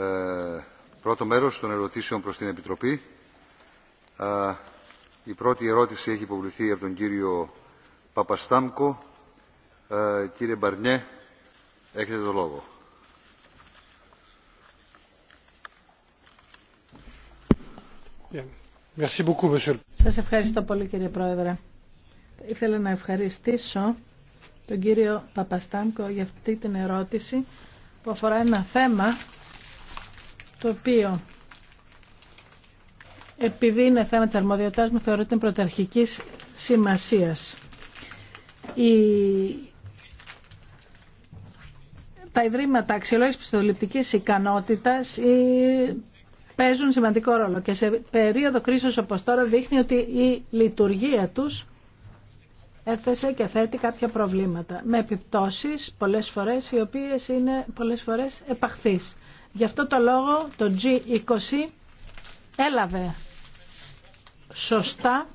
Ε, πρώτο μέρος των ερωτήσεων προς την Επιτροπή. Ε, η πρώτη ερώτηση έχει υποβληθεί από τον κύριο Παπαστάμκο. Ε, κύριε Μπαρνιέ, έχετε το λόγο. Σας ευχαριστώ πολύ κύριε Πρόεδρε. Ήθελα να ευχαριστήσω τον κύριο Παπαστάμκο για αυτή την ερώτηση που αφορά ένα θέμα το οποίο επειδή είναι θέμα της αρμοδιότητάς μου θεωρείται πρωταρχικής σημασίας. Η... Τα Ιδρύματα Αξιολόγησης Πιστοληπτικής Ικανότητας ε, παίζουν σημαντικό ρόλο και σε περίοδο κρίσης όπως τώρα δείχνει ότι η λειτουργία τους έθεσε και θέτει κάποια προβλήματα με επιπτώσεις πολλές φορές οι οποίες είναι πολλές φορές επαχθείς. Γι' αυτό το λόγο το G20 έλαβε σωστά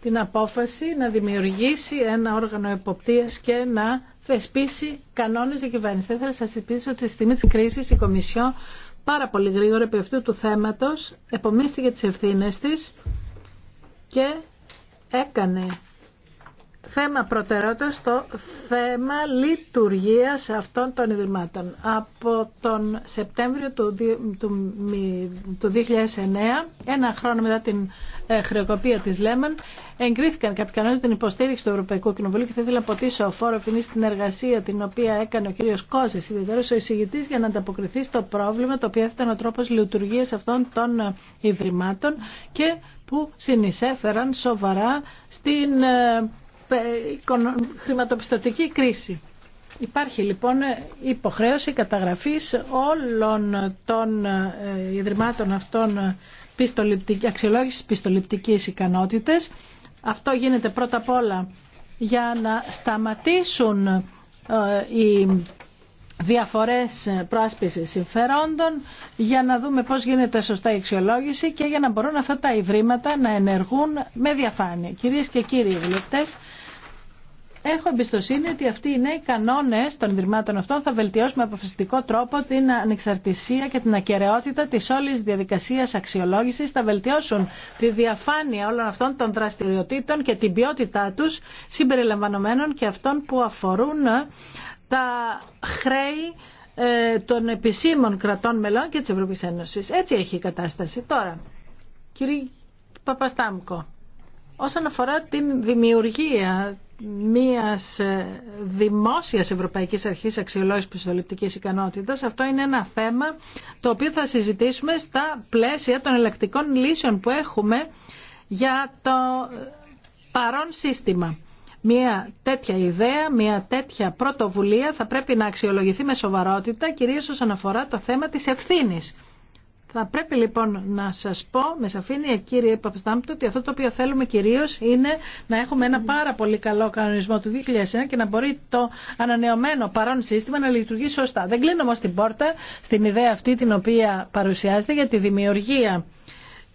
την απόφαση να δημιουργήσει ένα όργανο εποπτείας και να θεσπίσει κανόνες κυβέρνηση. Θα ήθελα να σας ότι στη στιγμή της κρίσης η Κομισιό πάρα πολύ γρήγορα επί αυτού του θέματος επομίστηκε τις ευθύνες της και έκανε θέμα προτεραιότητα το θέμα λειτουργία αυτών των ιδρυμάτων. Από τον Σεπτέμβριο του 2009, ένα χρόνο μετά την ε, χρεοκοπία τη Λέμμαν, εγκρίθηκαν κάποιοι κανόνες την υποστήριξη του Ευρωπαϊκού Κοινοβουλίου και θα ήθελα να ποτίσω φόρο φινή στην εργασία την οποία έκανε ο κ. Κόζε, ιδιαίτερω ο εισηγητής, για να ανταποκριθεί στο πρόβλημα το οποίο ήταν ο τρόπο λειτουργία αυτών των ε, ιδρυμάτων και που συνεισέφεραν σοβαρά στην ε, ε, χρηματοπιστωτική κρίση. Υπάρχει λοιπόν υποχρέωση καταγραφής όλων των ε, ιδρυμάτων αυτών πιστοληπτική, αξιολόγησης πιστοληπτικής ικανότητες. Αυτό γίνεται πρώτα απ' όλα για να σταματήσουν ε, οι διαφορές προάσπισης συμφερόντων για να δούμε πώς γίνεται σωστά η αξιολόγηση και για να μπορούν αυτά τα ιδρύματα να ενεργούν με διαφάνεια. Κυρίες και κύριοι βουλευτές, Έχω εμπιστοσύνη ότι αυτοί οι νέοι κανόνε των Ιδρυμάτων αυτών θα βελτιώσουν με αποφασιστικό τρόπο την ανεξαρτησία και την ακαιρεότητα τη όλη διαδικασία αξιολόγηση, θα βελτιώσουν τη διαφάνεια όλων αυτών των δραστηριοτήτων και την ποιότητά του, συμπεριλαμβανομένων και αυτών που αφορούν ε, τα χρέη ε, των επισήμων κρατών μελών και τη Ευρωπαϊκής Ένωσης. Έτσι έχει η κατάσταση. Τώρα, κύριε Παπαστάμκο, όσον αφορά την δημιουργία μιας ε, δημόσιας Ευρωπαϊκής Αρχής Αξιολόγησης Πιστοληπτικής Ικανότητας. Αυτό είναι ένα θέμα το οποίο θα συζητήσουμε στα πλαίσια των ελεκτικών λύσεων που έχουμε για το παρόν σύστημα. Μια τέτοια ιδέα, μια τέτοια πρωτοβουλία θα πρέπει να αξιολογηθεί με σοβαρότητα, κυρίως όσον αφορά το θέμα της ευθύνης θα πρέπει λοιπόν να σας πω με σαφήνεια κύριε Παπαστάμπτο ότι αυτό το οποίο θέλουμε κυρίω είναι να έχουμε ένα πάρα πολύ καλό κανονισμό του 2001 και να μπορεί το ανανεωμένο παρόν σύστημα να λειτουργεί σωστά. Δεν κλείνω όμω την πόρτα στην ιδέα αυτή την οποία παρουσιάζεται για τη δημιουργία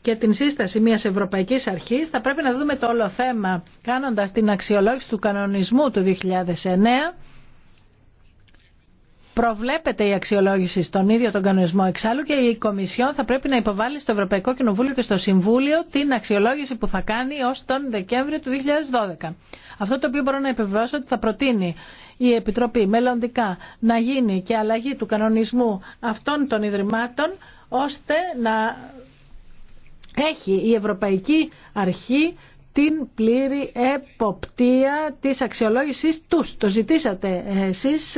και την σύσταση μια Ευρωπαϊκή Αρχή, θα πρέπει να δούμε το όλο θέμα κάνοντα την αξιολόγηση του κανονισμού του 2009 προβλέπεται η αξιολόγηση στον ίδιο τον κανονισμό εξάλλου και η Κομισιόν θα πρέπει να υποβάλει στο Ευρωπαϊκό Κοινοβούλιο και στο Συμβούλιο την αξιολόγηση που θα κάνει ως τον Δεκέμβριο του 2012. Αυτό το οποίο μπορώ να επιβεβαιώσω ότι θα προτείνει η Επιτροπή μελλοντικά να γίνει και αλλαγή του κανονισμού αυτών των Ιδρυμάτων ώστε να έχει η Ευρωπαϊκή Αρχή την πλήρη εποπτεία της αξιολόγησης τους. Το ζητήσατε εσείς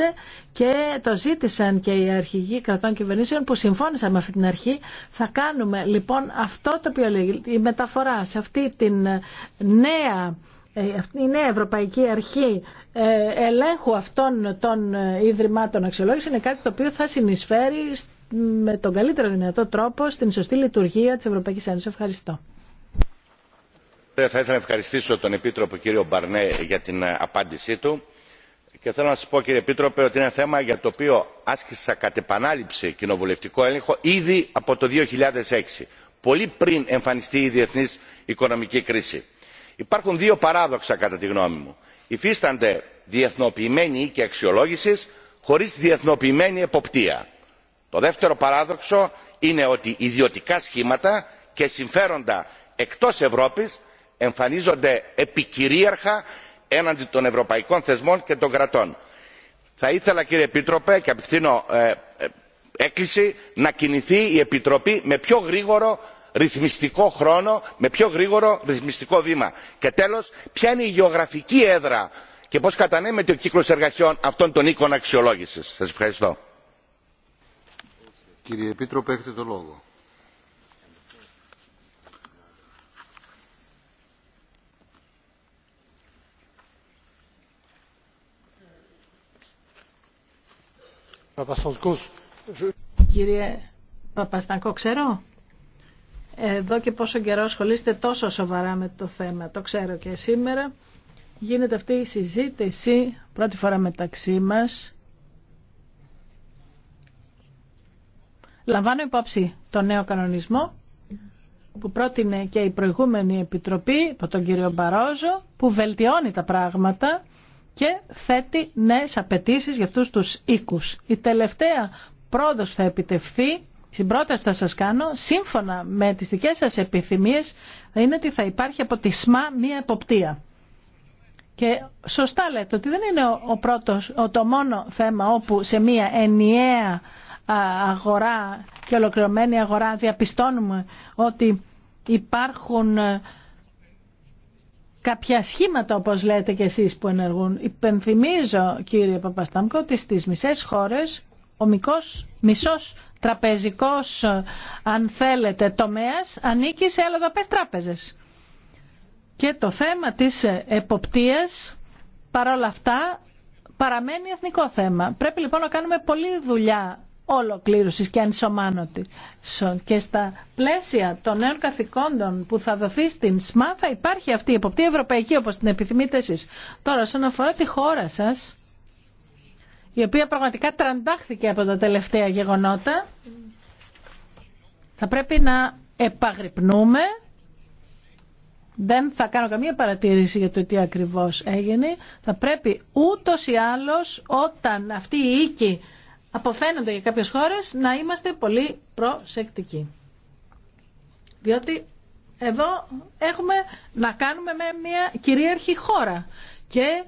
και το ζήτησαν και οι αρχηγοί κρατών κυβερνήσεων που συμφώνησαν με αυτή την αρχή. Θα κάνουμε λοιπόν αυτό το οποίο λέγεται η μεταφορά σε αυτή την νέα η νέα Ευρωπαϊκή Αρχή ε, ελέγχου αυτών των Ιδρυμάτων Αξιολόγηση είναι κάτι το οποίο θα συνεισφέρει με τον καλύτερο δυνατό τρόπο στην σωστή λειτουργία της Ευρωπαϊκής Ένωσης. Ευχαριστώ. Ε, θα ήθελα να ευχαριστήσω τον επίτροπο κύριο Μπαρνέ για την ε, απάντησή του και θέλω να σας πω κύριε επίτροπε ότι είναι ένα θέμα για το οποίο άσκησα κατ' επανάληψη κοινοβουλευτικό έλεγχο ήδη από το 2006 πολύ πριν εμφανιστεί η διεθνής οικονομική κρίση. Υπάρχουν δύο παράδοξα κατά τη γνώμη μου. Υφίστανται διεθνοποιημένοι οίκοι αξιολόγησης χωρίς διεθνοποιημένη εποπτεία. Το δεύτερο παράδοξο είναι ότι ιδιωτικά σχήματα και συμφέροντα εκτός Ευρώπης εμφανίζονται επικυρίαρχα έναντι των ευρωπαϊκών θεσμών και των κρατών. θα ήθελα κύριε επίτροπε και απευθύνω ε, ε, έκκληση να κινηθεί η επιτροπή με πιο γρήγορο ρυθμιστικό χρόνο με πιο γρήγορο ρυθμιστικό βήμα. και τέλος ποια είναι η γεωγραφική έδρα και πώς κατανέμεται ο κύκλος εργασιών αυτών των οίκων αξιολόγησης. σας ευχαριστώ. Κύριε Επίτροπε, έχετε το λόγο. Κύριε Παπαστανκό, ξέρω. Εδώ και πόσο καιρό ασχολείστε τόσο σοβαρά με το θέμα. Το ξέρω και σήμερα. Γίνεται αυτή η συζήτηση πρώτη φορά μεταξύ μας. Λαμβάνω υπόψη το νέο κανονισμό που πρότεινε και η προηγούμενη επιτροπή από τον κύριο Μπαρόζο που βελτιώνει τα πράγματα και θέτει νέες απαιτήσει για αυτούς τους οίκους. Η τελευταία πρόοδος θα επιτευχθεί, στην πρόταση θα σας κάνω, σύμφωνα με τις δικές σας επιθυμίες, είναι ότι θα υπάρχει από τη ΣΜΑ μία εποπτεία. Και σωστά λέτε ότι δεν είναι ο πρώτος, το μόνο θέμα όπου σε μία ενιαία αγορά και ολοκληρωμένη αγορά διαπιστώνουμε ότι υπάρχουν ε, κάποια σχήματα όπως λέτε και εσείς που ενεργούν. Υπενθυμίζω κύριε Παπαστάμκο ότι στις μισές χώρες ο μικός, μισός τραπεζικός αν θέλετε τομέας ανήκει σε αλλοδαπές τράπεζες. Και το θέμα της εποπτείας παρόλα αυτά παραμένει εθνικό θέμα. Πρέπει λοιπόν να κάνουμε πολλή δουλειά ολοκλήρωσης και ανισομάνωτη. Και στα πλαίσια των νέων καθηκόντων που θα δοθεί στην ΣΜΑ θα υπάρχει αυτή η εποπτεία ευρωπαϊκή όπως την επιθυμείτε εσείς. Τώρα, όσον αφορά τη χώρα σας, η οποία πραγματικά τραντάχθηκε από τα τελευταία γεγονότα, θα πρέπει να επαγρυπνούμε. Δεν θα κάνω καμία παρατήρηση για το τι ακριβώς έγινε. Θα πρέπει ούτως ή άλλως όταν αυτή η οίκη αποφαίνονται για κάποιες χώρες να είμαστε πολύ προσεκτικοί. Διότι εδώ έχουμε να κάνουμε με μια κυρίαρχη χώρα και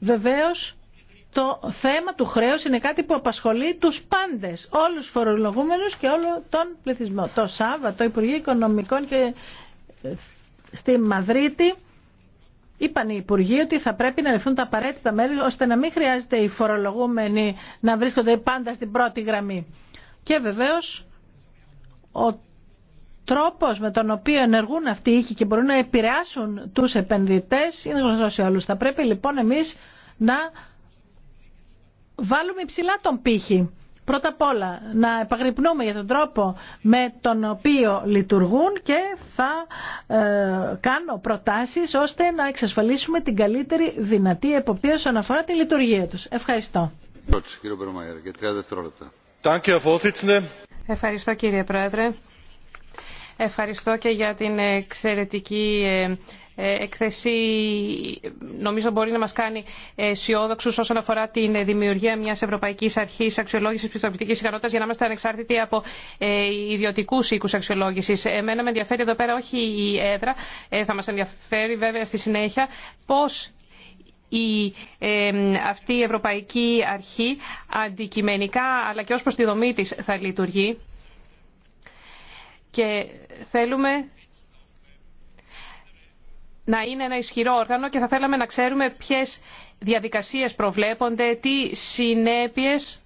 βεβαίως το θέμα του χρέους είναι κάτι που απασχολεί τους πάντες, όλους τους φορολογούμενους και όλο τον πληθυσμό. Το Σάββατο, Υπουργείο Οικονομικών και ε, στη Μαδρίτη είπαν οι Υπουργοί ότι θα πρέπει να ληφθούν τα απαραίτητα μέρη ώστε να μην χρειάζεται οι φορολογούμενοι να βρίσκονται πάντα στην πρώτη γραμμή. Και βεβαίω ο τρόπος με τον οποίο ενεργούν αυτοί οι οίκοι και μπορούν να επηρεάσουν τους επενδυτές είναι γνωστό σε όλου. Θα πρέπει λοιπόν εμείς να βάλουμε υψηλά τον πύχη πρώτα απ' όλα να επαγρυπνούμε για τον τρόπο με τον οποίο λειτουργούν και θα ε, κάνω προτάσεις ώστε να εξασφαλίσουμε την καλύτερη δυνατή εποπτεία όσον αφορά τη λειτουργία τους. Ευχαριστώ. Ευχαριστώ κύριε Πρόεδρε. Ευχαριστώ και για την εξαιρετική ε, έκθεση ε, νομίζω μπορεί να μας κάνει αισιόδοξου όσον αφορά την δημιουργία μιας Ευρωπαϊκής Αρχής Αξιολόγησης Πιστοποιητικής Ικανότητας για να είμαστε ανεξάρτητοι από ε, ιδιωτικούς οίκους αξιολόγησης. Εμένα με ενδιαφέρει εδώ πέρα όχι η έδρα, ε, θα μας ενδιαφέρει βέβαια στη συνέχεια πώς η, αυτή η Ευρωπαϊκή Αρχή αντικειμενικά αλλά και ως προς τη δομή της θα λειτουργεί. Και θέλουμε να είναι ένα ισχυρό όργανο και θα θέλαμε να ξέρουμε ποιες διαδικασίες προβλέπονται, τι συνέπειες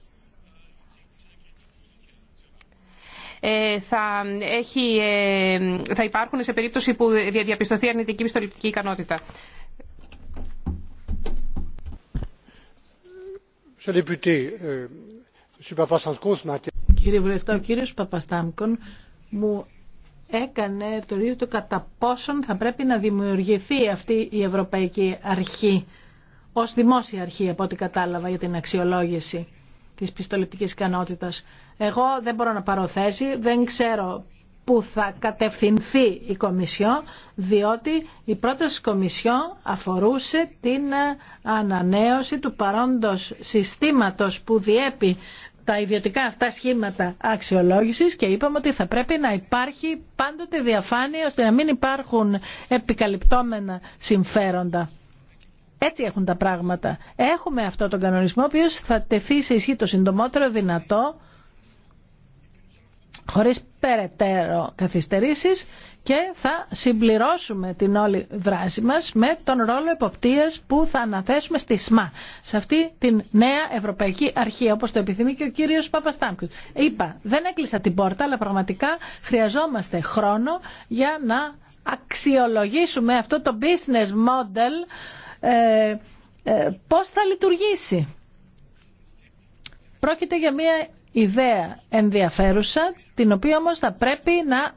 ε, θα, έχει, ε, θα υπάρχουν σε περίπτωση που διαπιστωθεί αρνητική πιστοληπτική ικανότητα. Euh, Κύριε βουλευτά, ο κύριος Παπαστάμκον μου έκανε το ρίο του κατά πόσον θα πρέπει να δημιουργηθεί αυτή η Ευρωπαϊκή Αρχή ως δημόσια αρχή από ό,τι κατάλαβα για την αξιολόγηση της πιστοληπτικής ικανότητα. Εγώ δεν μπορώ να πάρω δεν ξέρω που θα κατευθυνθεί η Κομισιό, διότι η πρόταση Κομισιό αφορούσε την ανανέωση του παρόντος συστήματος που διέπει τα ιδιωτικά αυτά σχήματα αξιολόγησης και είπαμε ότι θα πρέπει να υπάρχει πάντοτε διαφάνεια ώστε να μην υπάρχουν επικαλυπτόμενα συμφέροντα. Έτσι έχουν τα πράγματα. Έχουμε αυτό τον κανονισμό ο οποίος θα τεθεί σε ισχύ το συντομότερο δυνατό χωρίς περαιτέρω καθυστερήσεις και θα συμπληρώσουμε την όλη δράση μας με τον ρόλο εποπτείας που θα αναθέσουμε στη ΣΜΑ, σε αυτή την νέα Ευρωπαϊκή Αρχή, όπως το επιθυμεί και ο κύριος Παπαστάμκους. Είπα, δεν έκλεισα την πόρτα, αλλά πραγματικά χρειαζόμαστε χρόνο για να αξιολογήσουμε αυτό το business model ε, ε, πώς θα λειτουργήσει. Πρόκειται για μια ιδέα ενδιαφέρουσα την οποία όμως θα πρέπει να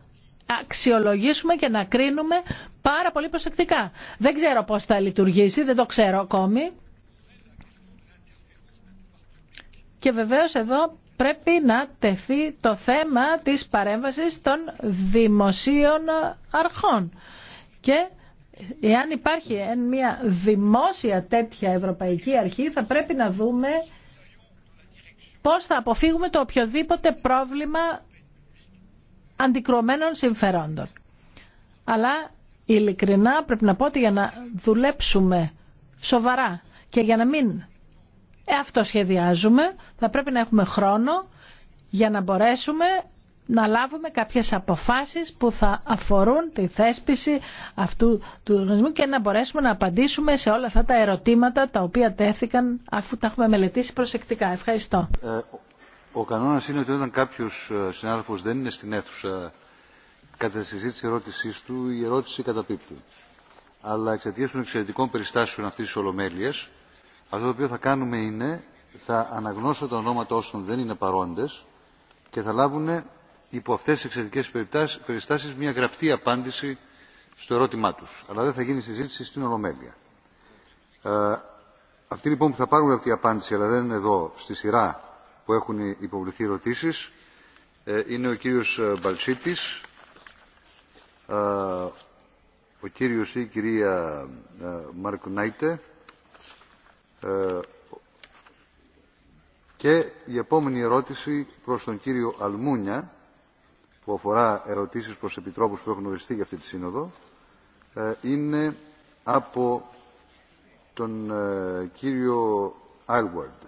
αξιολογήσουμε και να κρίνουμε πάρα πολύ προσεκτικά. Δεν ξέρω πώς θα λειτουργήσει, δεν το ξέρω ακόμη. Και βεβαίως εδώ πρέπει να τεθεί το θέμα της παρέμβασης των δημοσίων αρχών. Και εάν υπάρχει μια δημόσια τέτοια ευρωπαϊκή αρχή θα πρέπει να δούμε πώς θα αποφύγουμε το οποιοδήποτε πρόβλημα αντικρωμένων συμφερόντων. Αλλά ειλικρινά πρέπει να πω ότι για να δουλέψουμε σοβαρά και για να μην αυτοσχεδιάζουμε θα πρέπει να έχουμε χρόνο για να μπορέσουμε να λάβουμε κάποιες αποφάσεις που θα αφορούν τη θέσπιση αυτού του οργανισμού και να μπορέσουμε να απαντήσουμε σε όλα αυτά τα ερωτήματα τα οποία τέθηκαν αφού τα έχουμε μελετήσει προσεκτικά. Ευχαριστώ. Ε, ο κανόνας είναι ότι όταν κάποιος ε, συνάδελφος δεν είναι στην αίθουσα κατά τη συζήτηση ερώτησή του, η ερώτηση καταπίπτει. Αλλά εξαιτία των εξαιρετικών περιστάσεων αυτής της Ολομέλειας, αυτό το οποίο θα κάνουμε είναι, θα αναγνώσω τα ονόματα όσων δεν είναι παρόντες και θα λάβουν υπό αυτές τις εξαιρετικές περιστάσεις μια γραπτή απάντηση στο ερώτημά τους. Αλλά δεν θα γίνει συζήτηση στην Ολομέλεια. Ε, αυτοί λοιπόν που θα πάρουν αυτή η απάντηση, αλλά δεν είναι εδώ στη σειρά που έχουν υποβληθεί ερωτήσει ε, Είναι ο κύριος ε, Μπαλτσίτης, ο κύριος ή η κυρία ε, Νάιτε, και η επόμενη ερώτηση προς τον κύριο Αλμούνια που αφορά ερωτήσεις προς επιτρόπους που έχουν οριστεί για αυτή τη σύνοδο είναι από τον κύριο Άλουαρντ.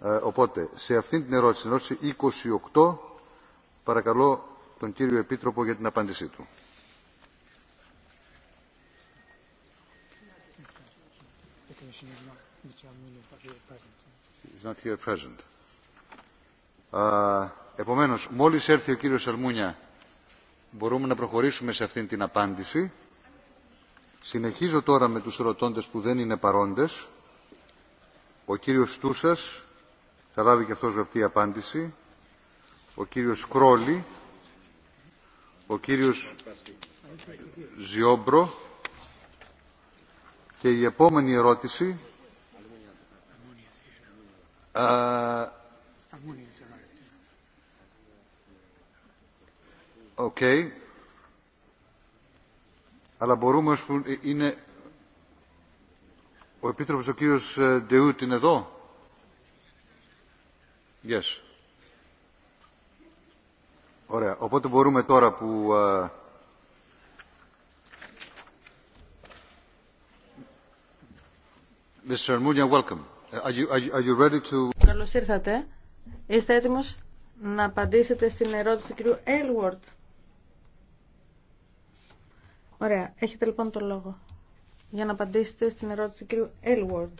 Ε, οπότε σε αυτήν την ερώτηση, την ερώτηση 28, παρακαλώ τον κύριο Επίτροπο για την απάντησή του. επομένως, μόλις έρθει ο κύριος Σαλμούνια, μπορούμε να προχωρήσουμε σε αυτήν την απάντηση. Συνεχίζω τώρα με τους ερωτώντες που δεν είναι παρόντες. Ο κύριος Στούσας θα λάβει και αυτός γραπτή απάντηση. Ο κύριος Κρόλη, ο κύριος Ζιόμπρο και η επόμενη ερώτηση Οκ. Αλλά μπορούμε, είναι ο Επίτροπος ο κύριος Ντεούτ είναι εδώ. Yes. Ωραία. Οπότε μπορούμε τώρα που Mr. welcome. Are you, are you, are you ready to... Καλώς ήρθατε. Είστε έτοιμος να απαντήσετε στην ερώτηση του κυρίου Έλουαρτ. Ωραία. Έχετε λοιπόν το λόγο για να απαντήσετε στην ερώτηση του κυρίου Έλουαρτ.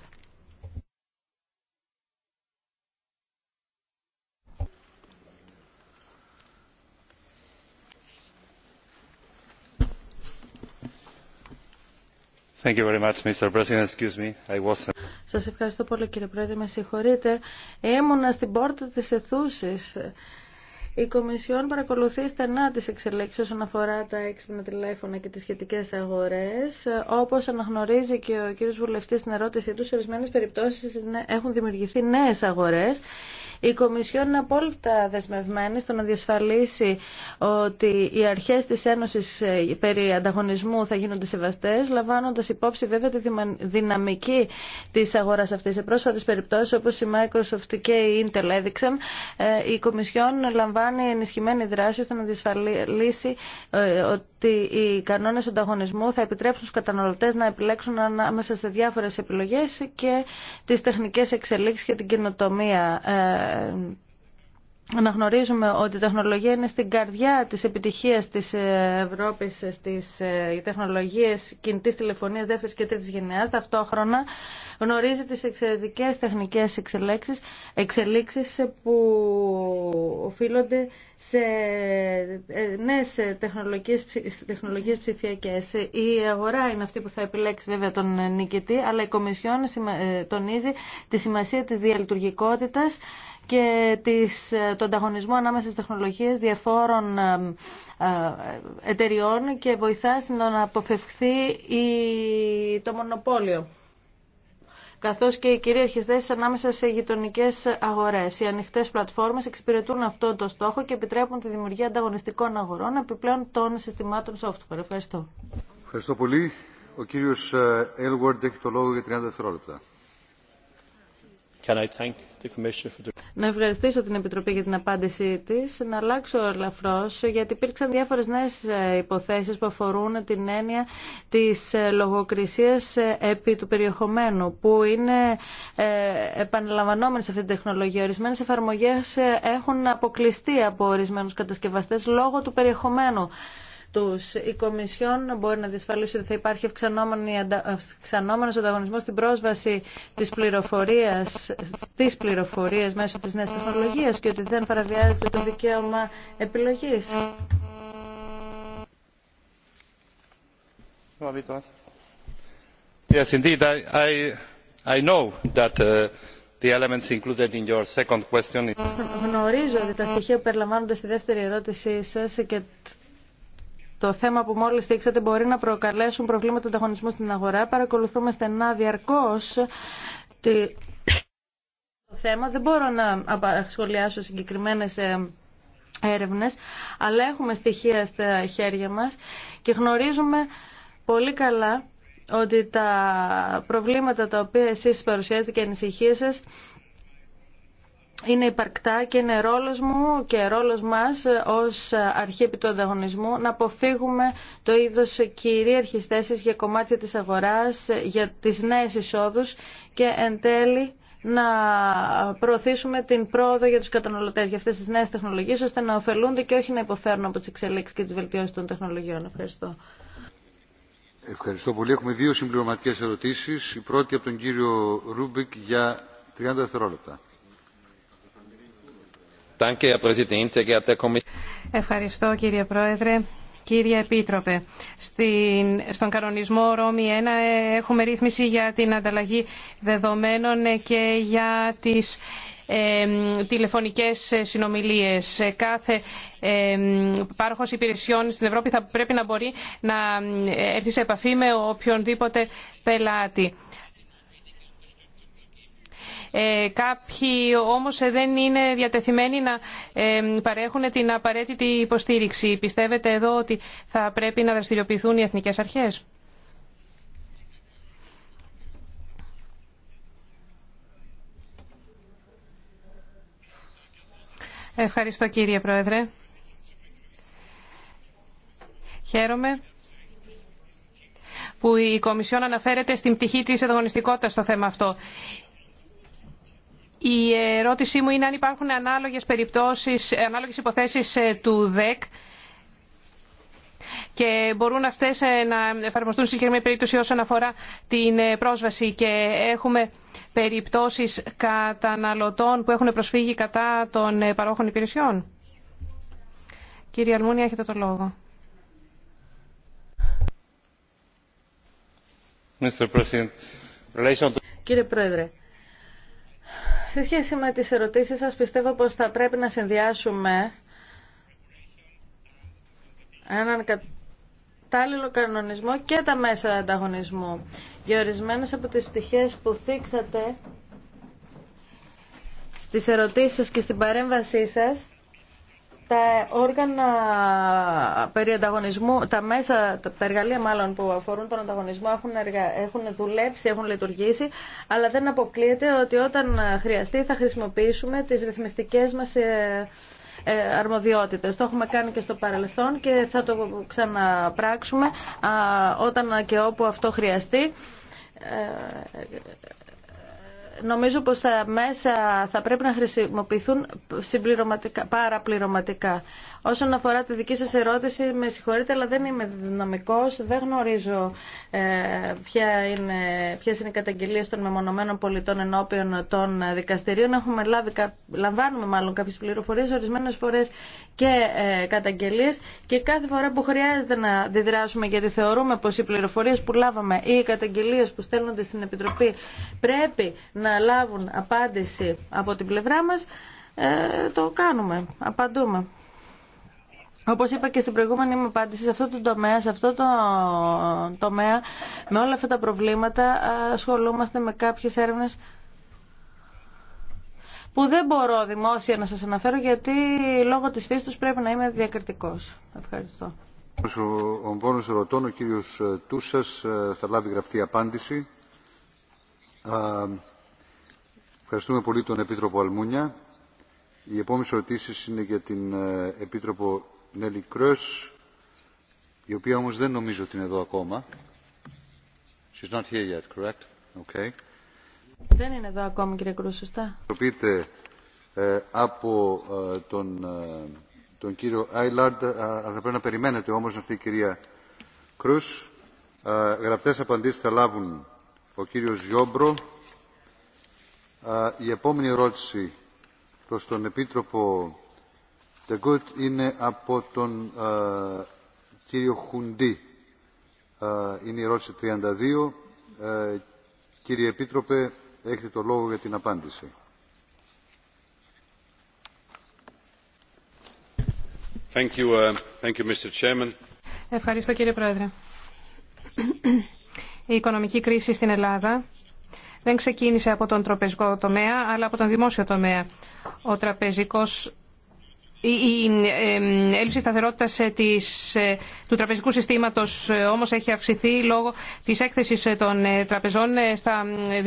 Σας ευχαριστώ πολύ κύριε Πρόεδρε. Με συγχωρείτε, ήμουνα στην πόρτα της αιθούσης. Η Κομισιόν παρακολουθεί στενά τι εξελίξει όσον αφορά τα έξυπνα τηλέφωνα και τι σχετικέ αγορέ, όπω αναγνωρίζει και ο κύριος Βουλευτή στην ερώτησή του, σε ορισμένε περιπτώσει έχουν δημιουργηθεί νέε αγορέ. Η Κομισιόν είναι απόλυτα δεσμευμένη στο να διασφαλίσει ότι οι αρχέ τη Ένωση ε, περί ανταγωνισμού θα γίνονται σεβαστές, λαμβάνοντα υπόψη βέβαια τη δυναμική τη αγορά αυτή. Σε πρόσφατε περιπτώσει όπω η Microsoft και η Intel έδειξαν, ε, η Κομισιόν λαμβάνει κάνει ενισχυμένη δράση ώστε να διασφαλίσει ε, ότι οι κανόνες ανταγωνισμού θα επιτρέψουν στους καταναλωτέ να επιλέξουν ανάμεσα σε διάφορε επιλογέ και τι τεχνικέ εξελίξει και την καινοτομία ε, αναγνωρίζουμε ότι η τεχνολογία είναι στην καρδιά της επιτυχίας της Ευρώπης στις ε, τεχνολογίες κινητής τηλεφωνίας δεύτερης και τρίτης γενιάς. ταυτόχρονα γνωρίζει τις εξαιρετικές τεχνικές εξελίξεις, εξελίξεις που οφείλονται σε ε, νέες τεχνολογίες, τεχνολογίες ψηφιακές. Η αγορά είναι αυτή που θα επιλέξει βέβαια τον νικητή, αλλά η Κομισιόν ε, τονίζει τη σημασία της διαλειτουργικότητας και τις, ε, το ανταγωνισμό ανάμεσα στις τεχνολογίες διαφόρων ε, ε, εταιριών και βοηθά στην να αποφευχθεί το μονοπόλιο καθώς και οι κυρίαρχες θέσεις ανάμεσα σε γειτονικέ αγορές. Οι ανοιχτές πλατφόρμες εξυπηρετούν αυτό το στόχο και επιτρέπουν τη δημιουργία ανταγωνιστικών αγορών επιπλέον των συστημάτων software. Ευχαριστώ. Ευχαριστώ πολύ. Ο κύριος Έλγουαρντ έχει το λόγο για 30 δευτερόλεπτα. Να ευχαριστήσω την Επιτροπή για την απάντησή τη να αλλάξω ελαφρώ, γιατί υπήρξαν διάφορε νέε υποθέσει που αφορούν την έννοια της ε, λογοκρισίας ε, επί του περιεχομένου, που είναι ε, επαναλαμβανόμενη σε αυτή την τεχνολογία. Ορισμένε εφαρμογέ έχουν αποκλειστεί από ορισμένου κατασκευαστέ λόγω του περιεχομένου τους. Η Κομισιόν μπορεί να διασφαλίσει ότι θα υπάρχει αυξανόμενο ανταγωνισμός στην πρόσβαση της πληροφορίας, της πληροφορίας μέσω της νέας τεχνολογίας και ότι δεν παραβιάζεται το δικαίωμα επιλογής. Yes, indeed, I, I, know that uh, The elements included in your second question. Γνωρίζω ότι τα στοιχεία που περιλαμβάνονται στη δεύτερη ερώτησή σας και το θέμα που μόλι δείξατε μπορεί να προκαλέσουν προβλήματα ανταγωνισμού στην αγορά. Παρακολουθούμε στενά διαρκώ το θέμα. Δεν μπορώ να σχολιάσω συγκεκριμένε ε, έρευνες, αλλά έχουμε στοιχεία στα χέρια μας και γνωρίζουμε πολύ καλά ότι τα προβλήματα τα οποία εσείς παρουσιάζετε και ανησυχίε σας είναι υπαρκτά και είναι ρόλος μου και ρόλος μας ως αρχή επί του ανταγωνισμού να αποφύγουμε το είδος κυρίαρχης θέσης για κομμάτια της αγοράς, για τις νέες εισόδους και εν τέλει να προωθήσουμε την πρόοδο για τους καταναλωτές, για αυτές τις νέες τεχνολογίες, ώστε να ωφελούνται και όχι να υποφέρουν από τις εξελίξεις και τις βελτιώσεις των τεχνολογιών. Ευχαριστώ. Ευχαριστώ πολύ. Έχουμε δύο συμπληρωματικές ερωτήσεις. Η πρώτη από τον κύριο Ρούμπικ για 30 δευτερόλεπτα. Ευχαριστώ κύριε Πρόεδρε. Κύριε Επίτροπε, στον κανονισμό Ρώμη 1 ε, έχουμε ρύθμιση για την ανταλλαγή δεδομένων ε, και για τις ε, τηλεφωνικές συνομιλίες. Κάθε πάροχος υπηρεσιών στην Ευρώπη θα πρέπει να μπορεί να έρθει σε επαφή με οποιονδήποτε πελάτη. Ε, κάποιοι όμως ε, δεν είναι διατεθειμένοι να ε, παρέχουν την απαραίτητη υποστήριξη. Πιστεύετε εδώ ότι θα πρέπει να δραστηριοποιηθούν οι εθνικές αρχές. Ευχαριστώ κύριε Πρόεδρε. Χαίρομαι που η Κομισιόν αναφέρεται στην πτυχή της ανταγωνιστικότητας στο θέμα αυτό. Η ερώτησή μου είναι αν υπάρχουν ανάλογες περιπτώσεις, ανάλογες υποθέσεις ε, του ΔΕΚ και μπορούν αυτές ε, να εφαρμοστούν στη συγκεκριμένη περίπτωση όσον αφορά την ε, πρόσβαση και έχουμε περιπτώσεις καταναλωτών που έχουν προσφύγει κατά των παρόχων υπηρεσιών. Κύριε Αλμούνια, έχετε το λόγο. Κύριε Πρόεδρε, σε σχέση με τις ερωτήσεις σας πιστεύω πως θα πρέπει να συνδυάσουμε έναν κατάλληλο κανονισμό και τα μέσα ανταγωνισμού. Για ορισμένες από τις πτυχές που θίξατε στις ερωτήσεις και στην παρέμβασή σας, τα όργανα περί ανταγωνισμού, τα μέσα, τα εργαλεία μάλλον που αφορούν τον ανταγωνισμό έχουν, έχουν δουλέψει, έχουν λειτουργήσει, αλλά δεν αποκλείεται ότι όταν χρειαστεί θα χρησιμοποιήσουμε τις ρυθμιστικές μας ε, ε, αρμοδιότητες. Το έχουμε κάνει και στο παρελθόν και θα το ξαναπράξουμε όταν και όπου αυτό χρειαστεί ε, νομίζω πως τα μέσα θα πρέπει να χρησιμοποιηθούν συμπληρωματικά, παραπληρωματικά. Όσον αφορά τη δική σας ερώτηση, με συγχωρείτε, αλλά δεν είμαι δυναμικός, δεν γνωρίζω ε, ποια είναι, ποιες είναι οι καταγγελίες των μεμονωμένων πολιτών ενώπιον των δικαστηρίων. Έχουμε λάβει, λαμβάνουμε μάλλον κάποιες πληροφορίες, ορισμένες φορές και ε, καταγγελίες και κάθε φορά που χρειάζεται να αντιδράσουμε γιατί θεωρούμε πως οι πληροφορίες που λάβαμε ή οι καταγγελίες που στέλνονται στην Επιτροπή πρέπει να να λάβουν απάντηση από την πλευρά μας, ε, το κάνουμε, απαντούμε. όπως είπα και στην προηγούμενη μου απάντηση, σε αυτό το τομέα, σε αυτό το τομέα, με όλα αυτά τα προβλήματα, ασχολούμαστε με κάποιες έρευνε που δεν μπορώ δημόσια να σας αναφέρω γιατί λόγω της φύσης τους πρέπει να είμαι διακριτικός. Ευχαριστώ. Ο Ρωτών, κύριος Τούσας, ε, θα λάβει γραπτή απάντηση. Ευχαριστούμε πολύ τον Επίτροπο Αλμούνια. Οι επόμενες ερωτήσει είναι για την ε, Επίτροπο Νέλη Κρός, η οποία όμως δεν νομίζω ότι είναι εδώ ακόμα. She's not here yet, correct? Okay. Δεν είναι εδώ ακόμα, κύριε Κρούς, σωστά. Ε, από ε, τον, ε, τον κύριο Άιλαρντ, αλλά θα πρέπει να περιμένετε όμως αυτή η κυρία Κρούς. Γραπτές απαντήσεις θα λάβουν ο κύριος Γιόμπρο, η επόμενη ερώτηση προς τον Επίτροπο Τεγκούτ είναι από τον κύριο Χουντή. είναι η ερώτηση 32. Ε, κύριε Επίτροπε, έχετε το λόγο για την απάντηση. Thank you, uh, thank you, Mr. Chairman. Ευχαριστώ κύριε Πρόεδρε. Η οικονομική κρίση στην Ελλάδα δεν ξεκίνησε από τον τραπεζικό τομέα, αλλά από τον δημόσιο τομέα. Ο τραπεζικός η έλλειψη σταθερότητας ε, ε, του τραπεζικού συστήματος ε, όμως έχει αυξηθεί λόγω της έκθεσης των τραπεζών στα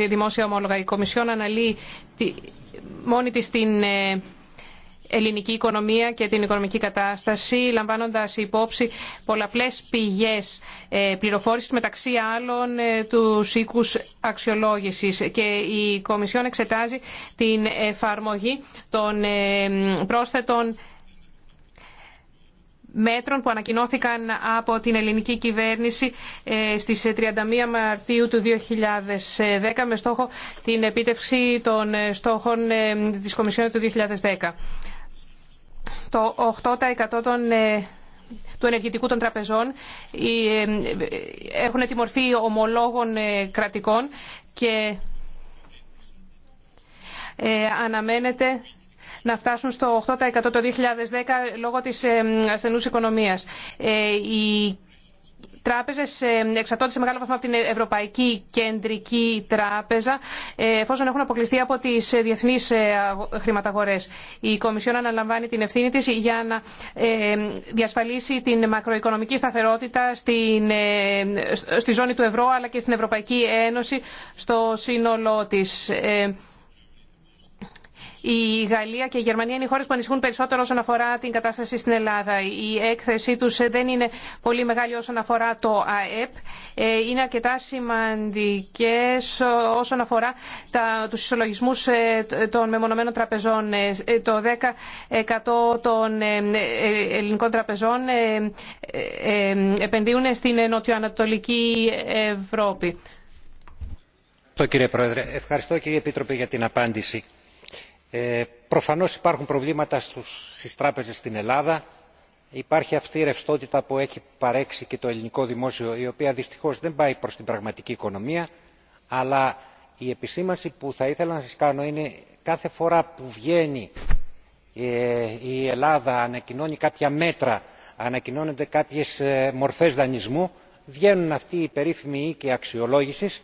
δημόσια ομόλογα. Η Κομισιόν αναλύει μόνη της την ελληνική οικονομία και την οικονομική κατάσταση, λαμβάνοντας υπόψη πολλαπλές πηγές ε, πληροφόρησης, μεταξύ άλλων ε, τους οίκους αξιολόγησης. Και η Κομισιόν εξετάζει την εφαρμογή των ε, πρόσθετων μέτρων που ανακοινώθηκαν από την ελληνική κυβέρνηση στις 31 Μαρτίου του 2010 με στόχο την επίτευξη των στόχων της Κομισιόν του 2010 το 8% ε, του ενεργητικού των τραπεζών ε, έχουν τη μορφή ομολόγων ε, κρατικών και αναμένεται να φτάσουν στο 8% το 2010 λόγω της ασθενούς οικονομίας τράπεζες ε, εξαρτώνται σε μεγάλο βαθμό από την Ευρωπαϊκή Κεντρική Τράπεζα ε, εφόσον έχουν αποκλειστεί από τις ε, διεθνεί χρηματαγορές. Η Κομισιόν αναλαμβάνει την ευθύνη τη για να διασφαλίσει την μακροοικονομική σταθερότητα στην, στη ζώνη του ευρώ αλλά και στην Ευρωπαϊκή Ένωση στο σύνολό της. Η Γαλλία και η Γερμανία είναι οι χώρε που ανησυχούν περισσότερο όσον αφορά την κατάσταση στην Ελλάδα. Η έκθεσή του δεν είναι πολύ μεγάλη όσον αφορά το ΑΕΠ. Ε, είναι αρκετά σημαντικέ όσον αφορά του ισολογισμού ε, των μεμονωμένων τραπεζών. Ε, το 10% των ελληνικών τραπεζών επενδύουν στην νοτιοανατολική Ευρώπη. Ευχαριστώ κύριε Πρόεδρε. Ευχαριστώ κύριε Επίτροπε για την απάντηση ε, προφανώς υπάρχουν προβλήματα στις τράπεζες στην ελλάδα υπάρχει αυτή η ρευστότητα που έχει παρέξει και το ελληνικό δημόσιο η οποία δυστυχώς δεν πάει προς την πραγματική οικονομία αλλά η επισήμανση που θα ήθελα να σας κάνω είναι κάθε φορά που βγαίνει ε, η ελλάδα ανακοινώνει κάποια μέτρα ανακοινώνονται κάποιες ε, μορφές δανεισμού βγαίνουν αυτοί οι περίφημοι οίκοι αξιολόγησης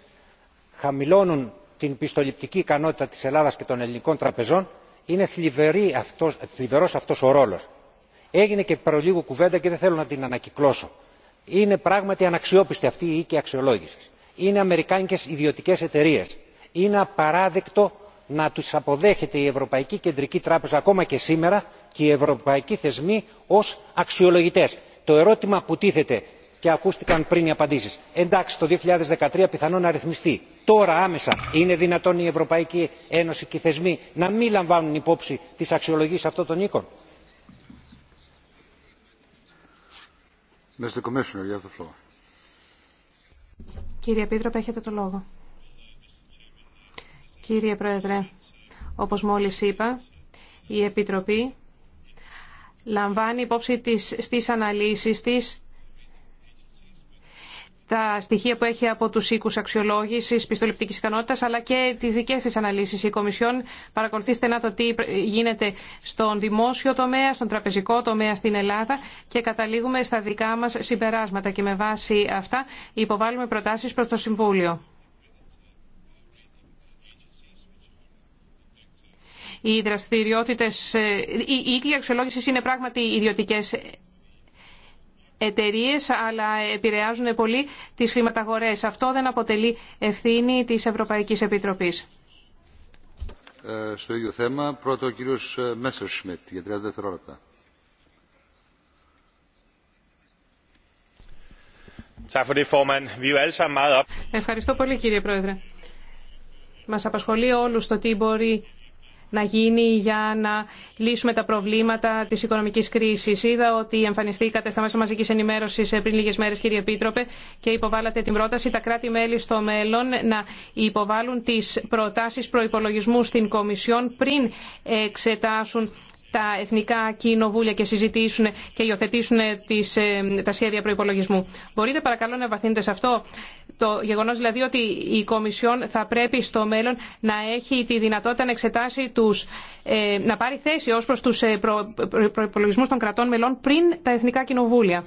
χαμηλώνουν την πιστοληπτική ικανότητα της ελλάδας και των ελληνικών τραπεζών είναι θλιβερός αυτός ο ρόλος. έγινε και λίγο κουβέντα και δεν θέλω να την ανακυκλώσω. είναι πράγματι αναξιόπιστη αυτή η οίκη αξιολόγηση. είναι αμερικάνικες ιδιωτικές εταιρείες. είναι απαράδεκτο να τους αποδέχεται η ευρωπαϊκή κεντρική τράπεζα ακόμα και σήμερα και οι ευρωπαϊκοί θεσμοί ως αξιολογητές. το ερώτημα που τίθεται και ακούστηκαν πριν οι απαντήσει. εντάξει το 2013 πιθανόν να ρυθμιστεί. Τώρα άμεσα είναι δυνατόν η Ευρωπαϊκή Ένωση και οι θεσμοί να μην λαμβάνουν υπόψη τι αξιολογήσει αυτών των οίκων. Κύριε Επίτροπε, έχετε το λόγο. Κύριε Πρόεδρε, όπως μόλις είπα, η Επιτροπή λαμβάνει υπόψη τις, στις αναλύσεις της τα στοιχεία που έχει από τους οίκους αξιολόγησης πιστοληπτικής ικανότητα, αλλά και τις δικές της αναλύσεις. Η Κομισιόν παρακολουθεί στενά το τι γίνεται στον δημόσιο τομέα, στον τραπεζικό τομέα στην Ελλάδα και καταλήγουμε στα δικά μας συμπεράσματα και με βάση αυτά υποβάλλουμε προτάσεις προς το Συμβούλιο. Οι δραστηριότητες, ε, οι οίκοι αξιολόγηση είναι πράγματι ιδιωτικέ εταιρείε, αλλά επηρεάζουν πολύ τις χρηματαγορές. Αυτό δεν αποτελεί ευθύνη της Ευρωπαϊκής Επιτροπής. Ε, στο ίδιο θέμα, πρώτο ο κύριος Μέσερ Σμιτ για 30 δευτερόλεπτα. Er Ευχαριστώ πολύ κύριε Πρόεδρε. Μας απασχολεί όλους το τι μπορεί να γίνει για να λύσουμε τα προβλήματα της οικονομικής κρίσης. Είδα ότι εμφανιστήκατε στα μέσα μαζικής ενημέρωσης ε, πριν λίγες μέρες κύριε Επίτροπε και υποβάλατε την πρόταση τα κράτη-μέλη στο μέλλον να υποβάλουν τις προτάσεις προϋπολογισμού στην Κομισιόν πριν εξετάσουν τα εθνικά κοινοβούλια και συζητήσουν και υιοθετήσουν τις, ε, τα σχέδια προπολογισμού. Μπορείτε παρακαλώ να βαθύνετε σε αυτό το γεγονός δηλαδή ότι η Κομισιόν θα πρέπει στο μέλλον να έχει τη δυνατότητα να εξετάσει τους, ε, να πάρει θέση ως προς τους ε, προπολογισμού των κρατών μελών πριν τα Εθνικά Κοινοβούλια.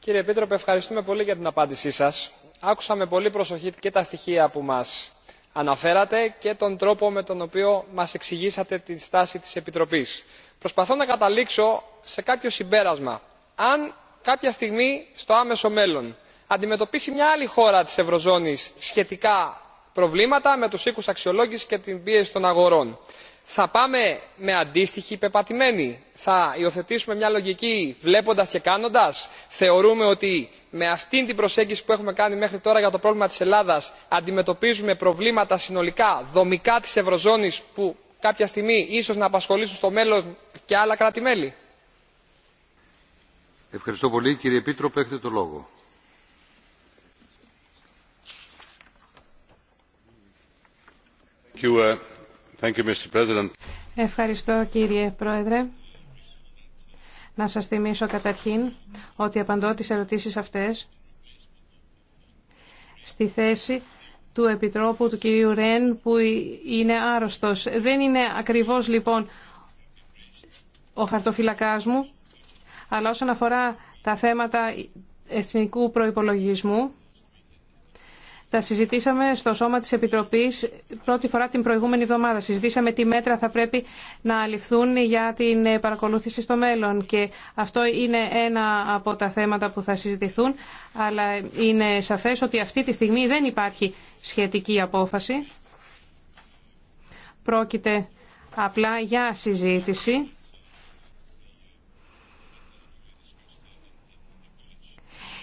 Κύριε Επίτροπε, ευχαριστούμε πολύ για την απάντησή σας. Άκουσα με πολύ προσοχή και τα στοιχεία που μας αναφέρατε και τον τρόπο με τον οποίο μας εξηγήσατε τη στάση της Επιτροπής. Προσπαθώ να καταλήξω σε κάποιο συμπέρασμα. Αν κάποια στιγμή στο άμεσο μέλλον αντιμετωπίσει μια άλλη χώρα της ευρωζώνης σχετικά προβλήματα με τους οίκους αξιολόγηση και την πίεση των αγορών θα πάμε με αντίστοιχη πεπατημένη; θα υιοθετήσουμε μια λογική βλέποντας και κάνοντας; θεωρούμε ότι με αυτήν την προσέγγιση που έχουμε κάνει μέχρι τώρα για το πρόβλημα της ελλάδας αντιμετωπίζουμε προβλήματα συνολικά δομικά της ευρωζώνης που κάποια στιγμή ίσως να απασχολήσουν στο μέλλον και άλλα κράτη μέλη. Ευχαριστώ πολύ. Κύριε Επίτροπε, έχετε το λόγο. Uh, Ευχαριστώ κύριε Πρόεδρε. Να σας θυμίσω καταρχήν ότι απαντώ τις ερωτήσεις αυτές στη θέση του Επιτρόπου του κυρίου Ρεν που είναι άρρωστος. Δεν είναι ακριβώς λοιπόν ο χαρτοφυλακάς μου αλλά όσον αφορά τα θέματα εθνικού προϋπολογισμού, τα συζητήσαμε στο σώμα της Επιτροπής πρώτη φορά την προηγούμενη εβδομάδα. Συζητήσαμε τι μέτρα θα πρέπει να ληφθούν για την παρακολούθηση στο μέλλον και αυτό είναι ένα από τα θέματα που θα συζητηθούν αλλά είναι σαφές ότι αυτή τη στιγμή δεν υπάρχει σχετική απόφαση. Πρόκειται απλά για συζήτηση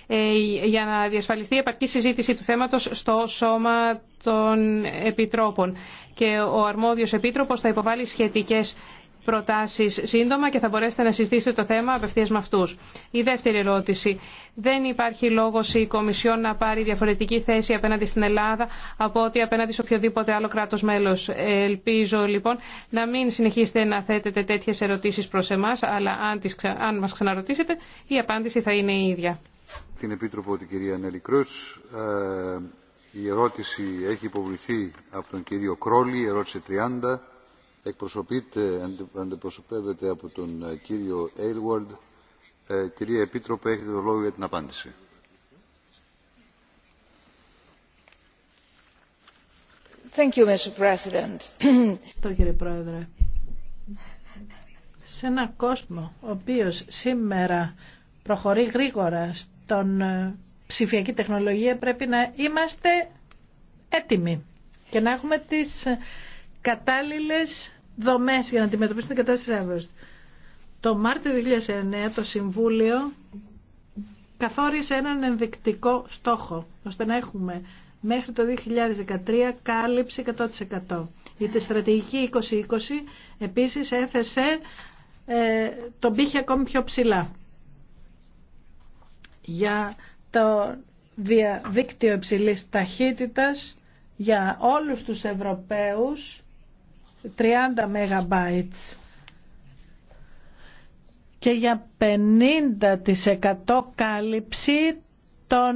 Ε, για να διασφαλιστεί η επαρκή συζήτηση του θέματος στο Σώμα των Επιτρόπων. Και ο αρμόδιος Επίτροπος θα υποβάλει σχετικές προτάσεις σύντομα και θα μπορέσετε να συζητήσετε το θέμα απευθείας με αυτούς. Η δεύτερη ερώτηση. Δεν υπάρχει λόγος η Κομισιόν να πάρει διαφορετική θέση απέναντι στην Ελλάδα από ότι απέναντι σε οποιοδήποτε άλλο κράτος μέλος. Ελπίζω λοιπόν να μην συνεχίσετε να θέτετε τέτοιες ερωτήσεις προς εμάς, αλλά αν, τις, αν μας ξαναρωτήσετε η απάντηση θα είναι η ίδια την Επίτροπο την κυρία Νέλη Κρούς. Ε, η ερώτηση έχει υποβληθεί από τον κύριο Κρόλη, ερώτηση 30. Εκπροσωπείται, αντιπροσωπεύεται από τον ε, κύριο Έιλουαρντ. Ε, κυρία Επίτροπε, έχετε το λόγο για την απάντηση. Thank you, Mr. President. Το κύριε Πρόεδρε. Σε ένα κόσμο ο οποίος σήμερα προχωρεί γρήγορα τον ε, ψηφιακή τεχνολογία πρέπει να είμαστε έτοιμοι και να έχουμε τις ε, κατάλληλες δομές για να αντιμετωπίσουμε την κατάσταση αύριο. Το Μάρτιο 2009 το Συμβούλιο καθόρισε έναν ενδεικτικό στόχο ώστε να έχουμε μέχρι το 2013 κάλυψη 100%. Η στρατηγική 2020 επίσης έθεσε ε, τον πύχη ακόμη πιο ψηλά για το διαδίκτυο υψηλής ταχύτητας για όλους τους Ευρωπαίους 30 MB και για 50% κάλυψη των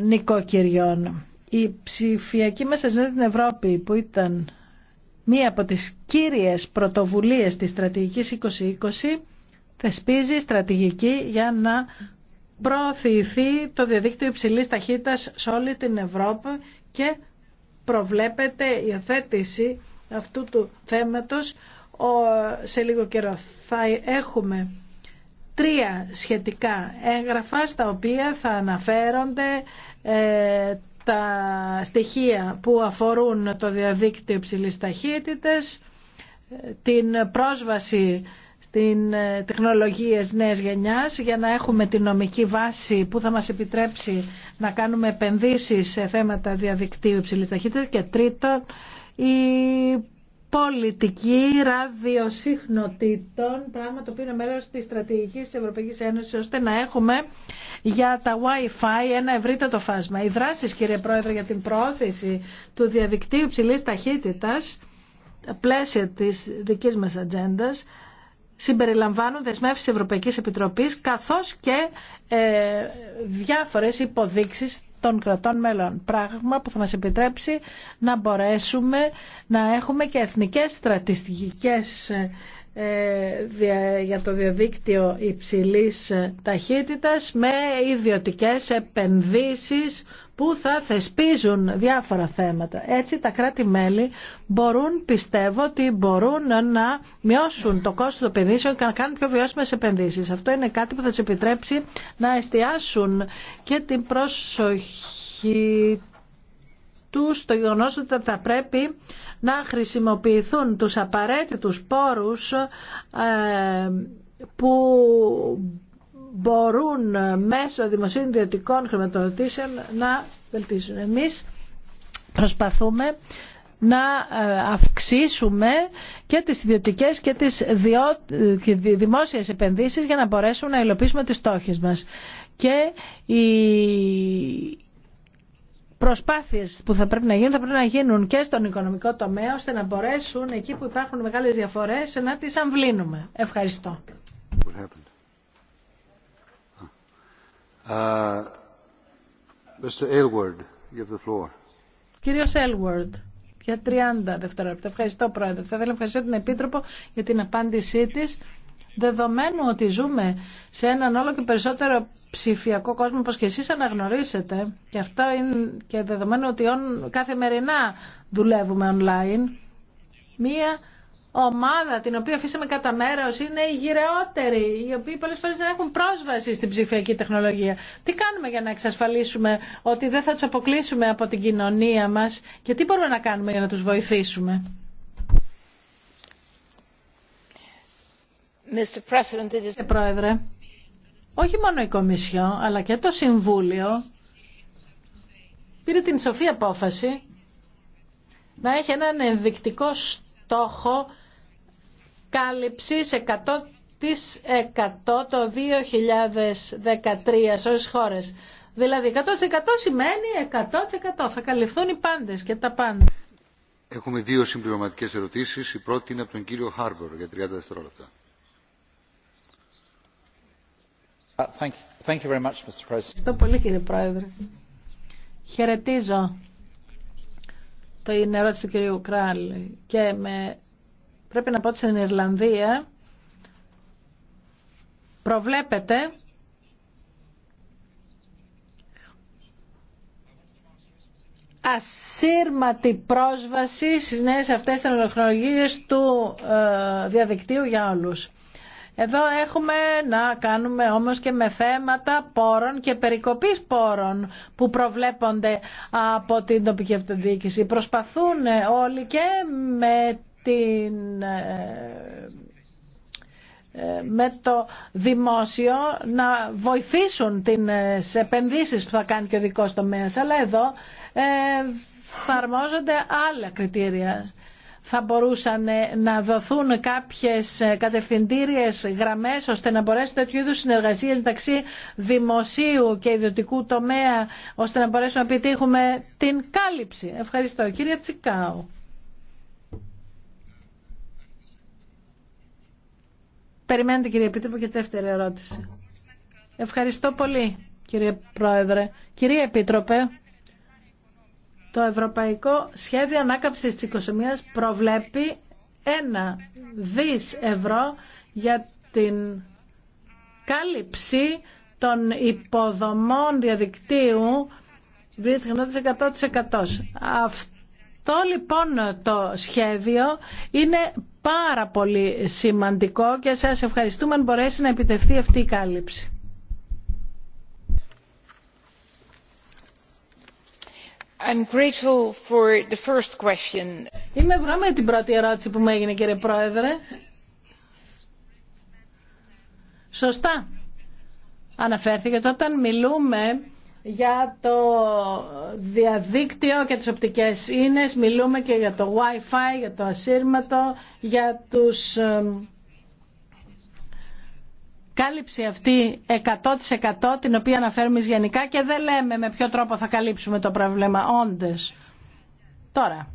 νοικοκυριών. Η ψηφιακή μέσα στην Ευρώπη που ήταν μία από τις κύριες πρωτοβουλίες της στρατηγικής 2020 θεσπίζει στρατηγική για να προωθηθεί το διαδίκτυο υψηλής ταχύτητας σε όλη την Ευρώπη και προβλέπεται η οθέτηση αυτού του θέματος σε λίγο καιρό. Θα έχουμε τρία σχετικά έγγραφα στα οποία θα αναφέρονται ε, τα στοιχεία που αφορούν το διαδίκτυο υψηλής ταχύτητας, ε, την πρόσβαση στην ε, τεχνολογίες νέα γενιάς για να έχουμε τη νομική βάση που θα μας επιτρέψει να κάνουμε επενδύσεις σε θέματα διαδικτύου υψηλής ταχύτητας και τρίτον η πολιτική ραδιοσύχνοτητων, πράγμα το οποίο είναι μέρος της στρατηγικής της Ευρωπαϊκής Ένωσης, ώστε να έχουμε για τα Wi-Fi ένα ευρύτατο φάσμα. Οι δράσεις, κύριε Πρόεδρε, για την προώθηση του διαδικτύου υψηλής ταχύτητας, πλαίσια της δικής μας ατζέντα συμπεριλαμβάνουν δεσμεύσεις Ευρωπαϊκής Επιτροπής καθώς και ε, διάφορες υποδείξεις των κρατών μέλων. Πράγμα που θα μας επιτρέψει να μπορέσουμε να έχουμε και εθνικές στρατιστικές ε, για το διαδίκτυο υψηλής ταχύτητας με ιδιωτικές επενδύσεις που θα θεσπίζουν διάφορα θέματα. Έτσι τα κράτη-μέλη μπορούν, πιστεύω, ότι μπορούν να μειώσουν το κόστος των επενδύσεων και να κάνουν πιο βιώσιμες επενδύσεις. Αυτό είναι κάτι που θα τους επιτρέψει να εστιάσουν και την προσοχή τους στο γεγονός ότι θα πρέπει να χρησιμοποιηθούν τους απαραίτητους πόρους ε, που μπορούν ε, μέσω δημοσίων ιδιωτικών χρηματοδοτήσεων να βελτίσουν. Εμείς προσπαθούμε να ε, αυξήσουμε και τις ιδιωτικές και τις ε, δημόσιες επενδύσεις για να μπορέσουμε να υλοποιήσουμε τις στόχες μας. Και οι προσπάθειες που θα πρέπει να γίνουν θα πρέπει να γίνουν και στον οικονομικό τομέα ώστε να μπορέσουν εκεί που υπάρχουν μεγάλες διαφορές να τις αμβλύνουμε. Ευχαριστώ. Uh, Κύριος Έλουαρντ, για 30 δευτερόλεπτα. Ευχαριστώ, Πρόεδρε. Θα ήθελα να ευχαριστώ την Επίτροπο για την απάντησή της. Δεδομένου ότι ζούμε σε έναν όλο και περισσότερο ψηφιακό κόσμο, όπως και εσείς αναγνωρίσετε, και αυτό είναι και δεδομένου ότι καθημερινά δουλεύουμε online, μία ομάδα την οποία αφήσαμε κατά μέρο είναι οι γυρεότεροι, οι οποίοι πολλέ φορέ δεν έχουν πρόσβαση στην ψηφιακή τεχνολογία. Τι κάνουμε για να εξασφαλίσουμε ότι δεν θα του αποκλείσουμε από την κοινωνία μα και τι μπορούμε να κάνουμε για να του βοηθήσουμε. Mr. President, ε, Πρόεδρε, όχι μόνο η Κομισιό, αλλά και το Συμβούλιο πήρε την σοφή απόφαση να έχει έναν ενδεικτικό στόχο κάλυψης 100% το 2013 σε όλες χώρες. Δηλαδή 100% σημαίνει 100% θα καλυφθούν οι πάντες και τα πάντα. Έχουμε δύο συμπληρωματικές ερωτήσεις. Η πρώτη είναι από τον κύριο Χάρμπορ για 30 δευτερόλεπτα. Uh, Ευχαριστώ πολύ κύριε Πρόεδρε. Χαιρετίζω το ερώτηση του κυρίου Κράλλη και με Πρέπει να πω ότι στην Ιρλανδία προβλέπεται ασύρματη πρόσβαση στις νέες αυτές τεχνολογίες του ε, διαδικτύου για όλους. Εδώ έχουμε να κάνουμε όμως και με θέματα πόρων και περικοπής πόρων που προβλέπονται από την τοπική αυτοδιοίκηση. Προσπαθούν όλοι και με την ε, ε, με το δημόσιο να βοηθήσουν την ε, επενδύσεις που θα κάνει και ο δικός τομέας. Αλλά εδώ εφαρμόζονται άλλα κριτήρια. Θα μπορούσαν να δοθούν κάποιες κατευθυντήριες γραμμές ώστε να μπορέσουν τέτοιου είδους συνεργασίες μεταξύ δημοσίου και ιδιωτικού τομέα ώστε να μπορέσουμε να επιτύχουμε την κάλυψη. Ευχαριστώ. Κύριε Τσικάου. Περιμένετε κύριε Επίτροπο και δεύτερη ερώτηση. Ευχαριστώ πολύ κύριε Πρόεδρε. Κύριε Επίτροπε, το Ευρωπαϊκό Σχέδιο Ανάκαμψης της Οικοσομίας προβλέπει ένα δις ευρώ για την κάλυψη των υποδομών διαδικτύου βρίσκοντας 100%. Αυτό λοιπόν το σχέδιο είναι πάρα πολύ σημαντικό και σας ευχαριστούμε αν μπορέσει να επιτευχθεί αυτή η κάλυψη. I'm grateful for Είμαι ευγνώμη την πρώτη ερώτηση που μου έγινε κύριε Πρόεδρε. Σωστά. Αναφέρθηκε όταν μιλούμε για το διαδίκτυο και τις οπτικές ίνες, μιλούμε και για το Wi-Fi, για το ασύρματο, για τους... Κάλυψη αυτή 100% την οποία αναφέρουμε γενικά και δεν λέμε με ποιο τρόπο θα καλύψουμε το πρόβλημα όντες. Τώρα,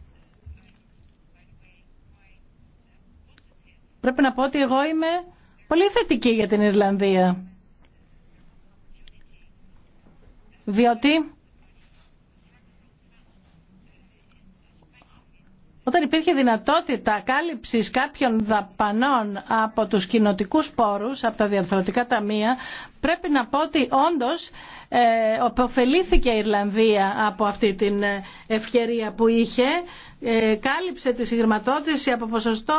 πρέπει να πω ότι εγώ είμαι πολύ θετική για την Ιρλανδία. Διότι όταν υπήρχε δυνατότητα κάλυψης κάποιων δαπανών από τους κοινοτικούς πόρους, από τα διαρθρωτικά ταμεία, πρέπει να πω ότι όντως ε, οποφελήθηκε η Ιρλανδία από αυτή την ε, ευκαιρία που είχε, ε, κάλυψε τη συγχρηματότηση από ποσοστό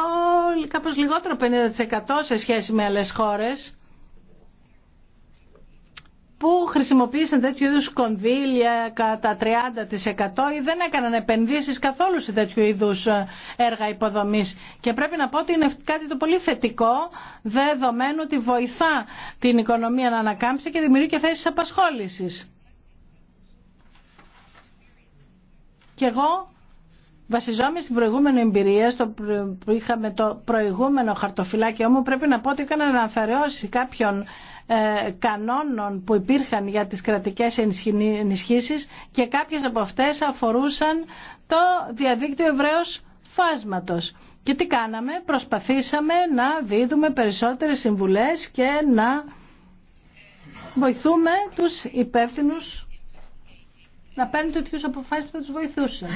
κάπως λιγότερο 50% σε σχέση με άλλες χώρες που χρησιμοποίησαν τέτοιου είδους κονδύλια κατά 30% ή δεν έκαναν επενδύσεις καθόλου σε τέτοιου είδους ε, έργα υποδομής. Και πρέπει να πω ότι είναι κάτι το πολύ θετικό, δεδομένου ότι βοηθά την οικονομία να ανακάμψει και δημιουργεί και θέσεις απασχόλησης. Και εγώ βασιζόμενοι στην προηγούμενη εμπειρία, στο που είχαμε το προηγούμενο χαρτοφυλάκιό μου, πρέπει να πω ότι έκανα να κάποιον ε, κανόνων που υπήρχαν για τις κρατικές ενισχύσεις και κάποιες από αυτές αφορούσαν το διαδίκτυο εβραίος φάσματος. Και τι κάναμε, προσπαθήσαμε να δίδουμε περισσότερες συμβουλές και να βοηθούμε τους υπεύθυνους να παίρνουν τέτοιου αποφάσεις που θα τους βοηθούσαν.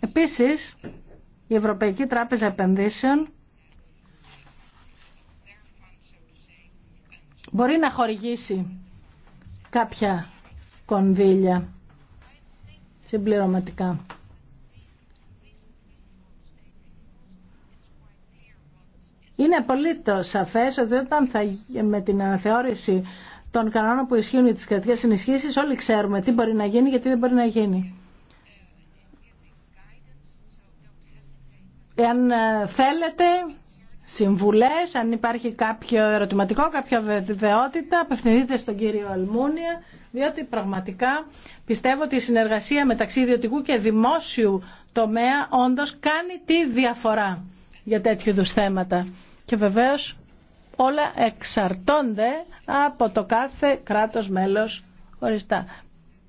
Επίσης, η Ευρωπαϊκή Τράπεζα Επενδύσεων μπορεί να χορηγήσει κάποια κονδύλια συμπληρωματικά. Είναι το σαφές ότι όταν θα, με την αναθεώρηση των κανόνων που ισχύουν για τις κρατικές ενισχύσεις όλοι ξέρουμε τι μπορεί να γίνει και τι δεν μπορεί να γίνει. Εάν ε, θέλετε συμβουλές. Αν υπάρχει κάποιο ερωτηματικό, κάποια βεβαιότητα, απευθυνθείτε στον κύριο Αλμούνια, διότι πραγματικά πιστεύω ότι η συνεργασία μεταξύ ιδιωτικού και δημόσιου τομέα όντως κάνει τη διαφορά για τέτοιου είδου θέματα. Και βεβαίως όλα εξαρτώνται από το κάθε κράτος μέλος οριστά.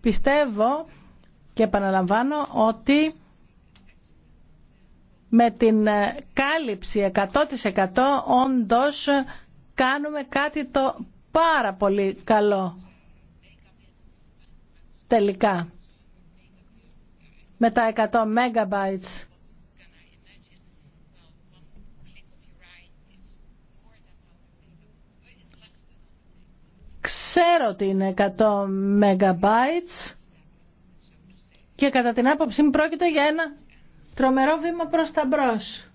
Πιστεύω και επαναλαμβάνω ότι με την ε, κάλυψη 100% όντως κάνουμε κάτι το πάρα πολύ καλό τελικά με τα 100 MB. Ξέρω ότι είναι 100 MB και κατά την άποψή μου πρόκειται για ένα τρομερό βήμα προς τα μπρος.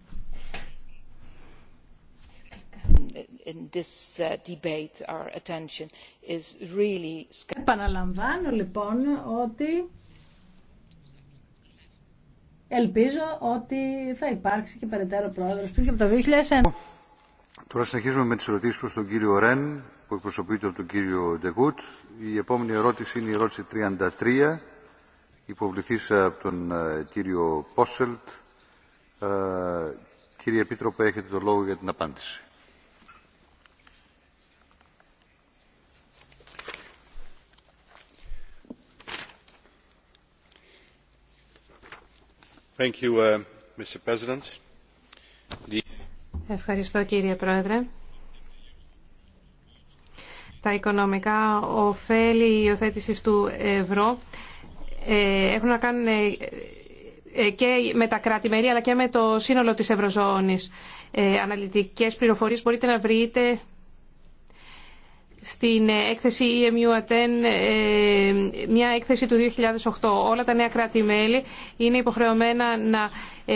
In this uh, debate, our attention is really... Επαναλαμβάνω λοιπόν ότι ελπίζω ότι θα υπάρξει και περαιτέρω πρόεδρος πριν και από το 2001. Τώρα συνεχίζουμε με τις ερωτήσεις προς τον κύριο Ρεν που εκπροσωπείται από τον κύριο Ντεγκούτ. Η επόμενη ερώτηση είναι η ερώτηση 33 Υποβληθήσα ε, από τον ε, κύριο Πόσελτ. Ε, κύριε Επίτροπε, έχετε το λόγο για την απάντηση. Uh, Ευχαριστώ κύριε Πρόεδρε. Τα οικονομικά ωφέλη υιοθέτηση του ευρώ ε, έχουν να κάνουν ε, ε, και με τα κρατη αλλά και με το σύνολο της Ευρωζώνης. Αναλυτικές πληροφορίες μπορείτε να βρείτε στην ε, έκθεση EMU Aten, ε, μια έκθεση του 2008. Όλα τα νέα κράτη-μέλη είναι υποχρεωμένα να ε,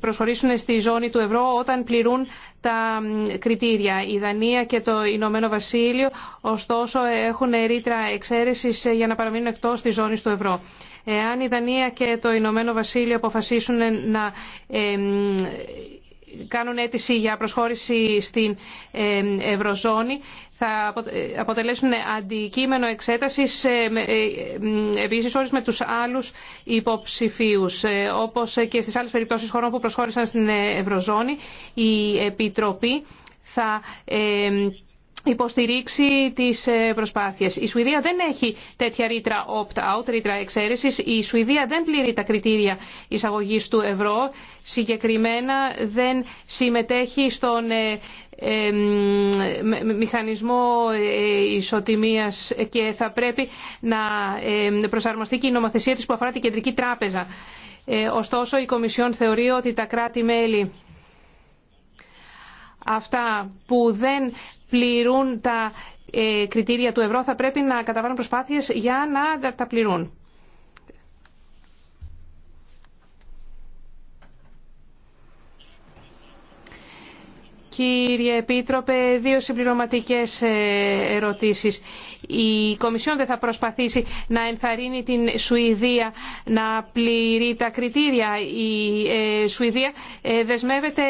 προσχωρήσουν στη ζώνη του ευρώ όταν πληρούν τα κριτήρια. Η Δανία και το Ηνωμένο Βασίλειο, ωστόσο, έχουν ρήτρα εξαίρεση για να παραμείνουν εκτό τη ζώνη του ευρώ. Εάν η Δανία και το Ηνωμένο Βασίλειο αποφασίσουν να κάνουν αίτηση για προσχώρηση στην Ευρωζώνη, θα ε, αποτελέσουν αντικείμενο εξέτασης ε, ε, επίσης όλους με τους άλλους υποψηφίους. Όπως και στις άλλες περιπτώσεις χωρών που προσχώρησαν στην Ευρωζώνη, η Επιτροπή θα υποστηρίξει τις προσπάθειες. Η Σουηδία δεν έχει τέτοια ρήτρα opt-out, ρήτρα εξαίρεσης. Η Σουηδία δεν πληρεί τα κριτήρια εισαγωγής του ευρώ. Συγκεκριμένα δεν συμμετέχει στον μηχανισμό ε, ισοτιμίας και θα πρέπει να προσαρμοστεί και η νομοθεσία της που αφορά την Κεντρική Τράπεζα. Ε, ωστόσο, η Κομισιόν θεωρεί ότι τα κράτη-μέλη αυτά που δεν πληρούν τα ε, κριτήρια του ευρώ θα πρέπει να καταβάλουν προσπάθειες για να τα πληρούν. Κύριε Επίτροπε, δύο συμπληρωματικές ε, ερωτήσεις. Η Κομισιόν δεν θα προσπαθήσει να ενθαρρύνει την Σουηδία να πληρεί τα κριτήρια. Η ε, Σουηδία ε, δεσμεύεται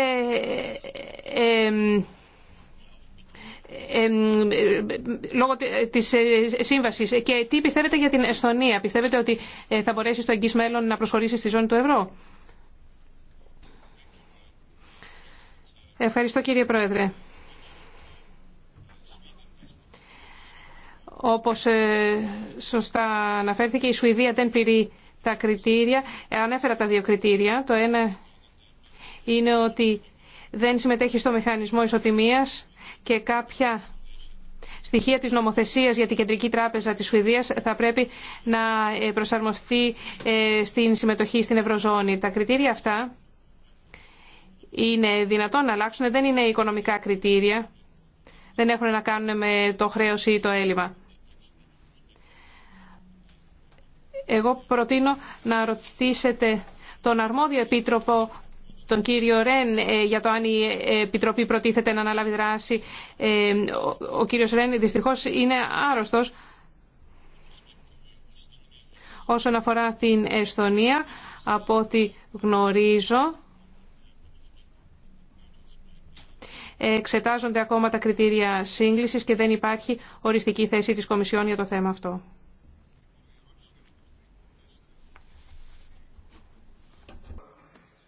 λόγω της σύμβασης. Και τι πιστεύετε για την Εσθονία. Πιστεύετε ότι θα μπορέσει στο εγγύς μέλλον να προσχωρήσει στη ζώνη του ευρώ. Ευχαριστώ κύριε Πρόεδρε. Όπως ε, σωστά αναφέρθηκε, η Σουηδία δεν πήρε τα κριτήρια. Ε, ανέφερα τα δύο κριτήρια. Το ένα είναι ότι δεν συμμετέχει στο μηχανισμό ισοτιμίας και κάποια στοιχεία της νομοθεσίας για την Κεντρική Τράπεζα της Σουηδίας θα πρέπει να ε, προσαρμοστεί στην συμμετοχή στην Ευρωζώνη. Τα κριτήρια αυτά είναι δυνατόν να αλλάξουν, δεν είναι οικονομικά κριτήρια. Δεν έχουν να κάνουν με το χρέος ή το έλλειμμα. Εγώ προτείνω να ρωτήσετε τον αρμόδιο επίτροπο, τον κύριο Ρεν, ε, για το αν η ε, Επιτροπή προτίθεται να αναλάβει δράση. Ε, ο κύριος Ρεν δυστυχώς είναι άρρωστος όσον αφορά την Εστονία, από ό,τι γνωρίζω. εξετάζονται ακόμα τα κριτήρια σύγκληση και δεν υπάρχει οριστική θέση της Κομισιόν για το θέμα αυτό.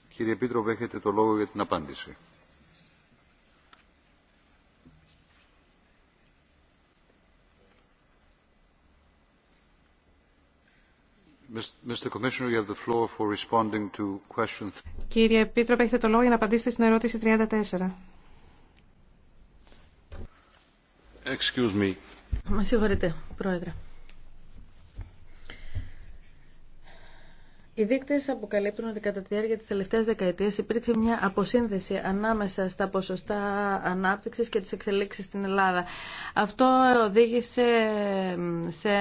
Κύριε Επίτροπε, έχετε το λόγο για την απάντηση. Κύριε Επίτροπε, έχετε το λόγο για να απαντήσετε στην ερώτηση 34. Excuse me. Με συγχωρείτε, Πρόεδρε. Οι δείκτες αποκαλύπτουν ότι κατά τη διάρκεια της τελευταίας δεκαετίας υπήρξε μια αποσύνδεση ανάμεσα στα ποσοστά ανάπτυξης και τις εξελίξεις στην Ελλάδα. Αυτό οδήγησε ε, σε ε,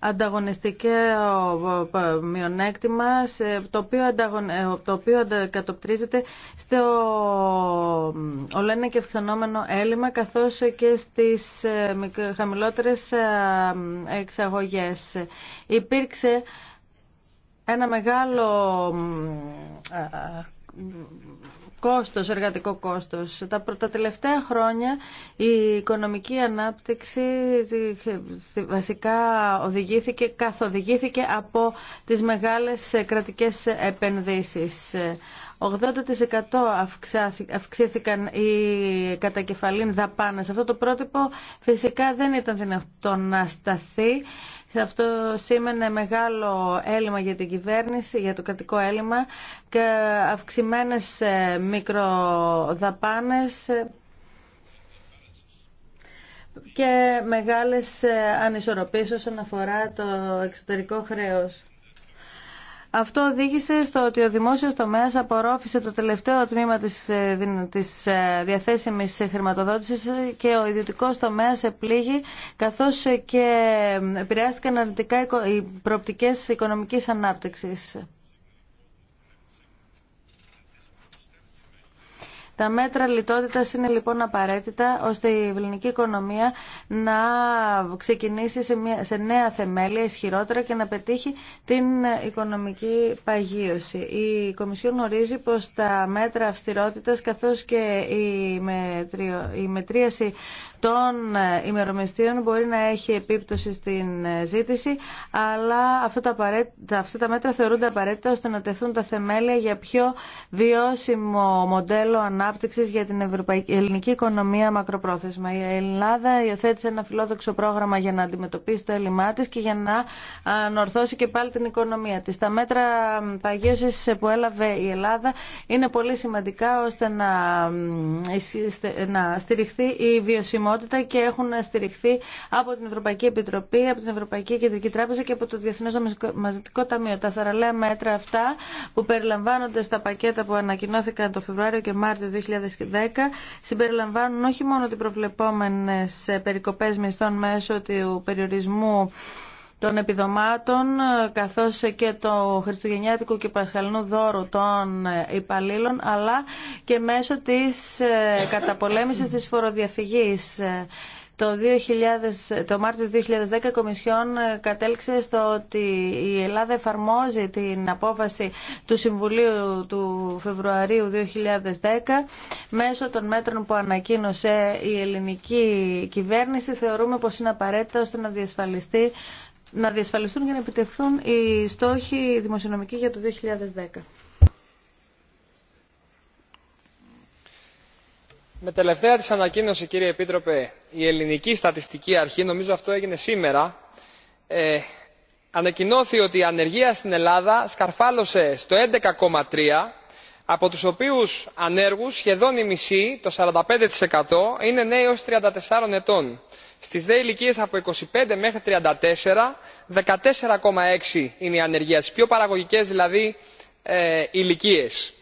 ανταγωνιστικό ε, ε, μειονέκτημα το οποίο, ανταγων... Ε, το οποίο κατοπτρίζεται στο ολένα και φαινόμενο έλλειμμα καθώς και στις χαμηλότερες εξαγωγές. Υπήρξε ένα μεγάλο κόστος, εργατικό κόστος. Τα, τα τελευταία χρόνια η οικονομική ανάπτυξη βασικά οδηγήθηκε, καθοδηγήθηκε από τις μεγάλες ε, κρατικές επενδύσεις. 80% αυξήθηκαν οι κατακεφαλήν δαπάνες. Αυτό το πρότυπο φυσικά δεν ήταν δυνατό να σταθεί. Αυτό σήμαινε μεγάλο έλλειμμα για την κυβέρνηση, για το κρατικό έλλειμμα και αυξημένες ε, μικροδαπάνες ε, και μεγάλες ε, ανισορροπίες όσον αφορά το εξωτερικό χρέος. Αυτό οδήγησε στο ότι ο δημόσιος τομέας απορρόφησε το τελευταίο τμήμα της, ε, ε, διαθέσιμης χρηματοδότησης και ο ιδιωτικός τομέας επλήγει καθώς και ε, επηρεάστηκαν αρνητικά οι προοπτικές οικονομικής ανάπτυξης. Τα μέτρα λιτότητας είναι λοιπόν απαραίτητα ώστε η ελληνική οικονομία να ξεκινήσει σε, μια, σε νέα θεμέλια ισχυρότερα και να πετύχει την οικονομική παγίωση. Η Κομισιόν ορίζει πως τα μέτρα αυστηρότητας καθώς και η, μετρίαση των ημερομεστίων μπορεί να έχει επίπτωση στην ζήτηση, αλλά αυτά τα, αυτά τα μέτρα θεωρούνται απαραίτητα ώστε να τεθούν τα θεμέλια για πιο βιώσιμο μοντέλο ανάπτυξη για την ευρωπαϊκή, ελληνική οικονομία μακροπρόθεσμα. Η Ελλάδα υιοθέτησε ένα φιλόδοξο πρόγραμμα για να αντιμετωπίσει το έλλειμμά τη και για να ανορθώσει και πάλι την οικονομία τη. Τα μέτρα παγίωση που έλαβε η Ελλάδα είναι πολύ σημαντικά ώστε να, να στηριχθεί η βιωσιμότητα και έχουν στηριχθεί από την Ευρωπαϊκή Επιτροπή, από την Ευρωπαϊκή Κεντρική Τράπεζα και από το Διεθνές Μαζικό Ταμείο. Τα θαραλέα μέτρα αυτά που περιλαμβάνονται στα πακέτα που ανακοινώθηκαν το Φεβρουάριο και Μάρτιο 2010 συμπεριλαμβάνουν όχι μόνο τις προβλεπόμενες ε, περικοπές μισθών μέσω του περιορισμού των επιδομάτων καθώς και το χριστουγεννιάτικο και πασχαλινού δώρου των ε, υπαλλήλων αλλά και μέσω της ε, καταπολέμησης της φοροδιαφυγής. Το, 2000, το Μάρτιο του 2010 η Κομισιόν ε, κατέληξε στο ότι η Ελλάδα εφαρμόζει την απόφαση του Συμβουλίου του Φεβρουαρίου 2010 μέσω των μέτρων που ανακοίνωσε η ελληνική κυβέρνηση. Θεωρούμε πως είναι απαραίτητα ώστε να διασφαλιστεί να διασφαλιστούν και να επιτευχθούν οι στόχοι δημοσιονομικοί για το 2010. με τελευταία της ανακοίνωση κύριε επίτροπε η ελληνική στατιστική αρχή νομίζω αυτό έγινε σήμερα ε, ότι η ανεργία στην ελλάδα σκαρφάλωσε στο 11,3 από τους οποίους ανέργους σχεδόν η μισή το 45% είναι νέοι έως 34 ετών. Στις δε ηλικίες από 25 μέχρι 34, 14,6 είναι η ανεργία, στις πιο παραγωγικές δηλαδή ε, ηλικίες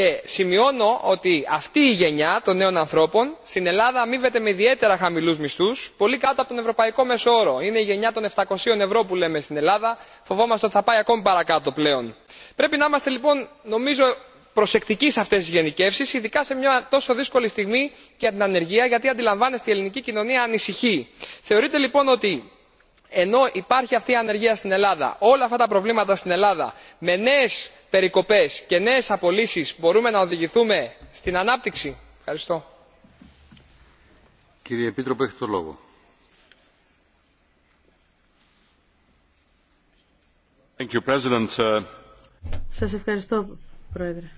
και σημειώνω ότι αυτή η γενιά των νέων ανθρώπων στην ελλάδα αμείβεται με ιδιαίτερα χαμηλού μισθού πολύ κάτω από τον ευρωπαϊκό μέσο όρο είναι η γενιά των 700 ευρώ που λέμε στην ελλάδα φοβόμαστε ότι θα πάει ακόμη παρακάτω πλέον. πρέπει να είμαστε λοιπόν νομίζω προσεκτικοί σε αυτέ τι γενικεύσει ειδικά σε μια τόσο δύσκολη στιγμή για την ανεργία γιατί αντιλαμβάνεστε η ελληνική κοινωνία ανησυχεί. θεωρείτε λοιπόν ότι ενώ υπάρχει αυτή η ανεργία στην ελλάδα όλα αυτά τα προβλήματα στην ελλάδα με περικοπές και νέες απολύσεις μπορούμε να οδηγηθούμε στην ανάπτυξη. Ευχαριστώ. Κύριε το λόγο. Σας ευχαριστώ, Πρόεδρε.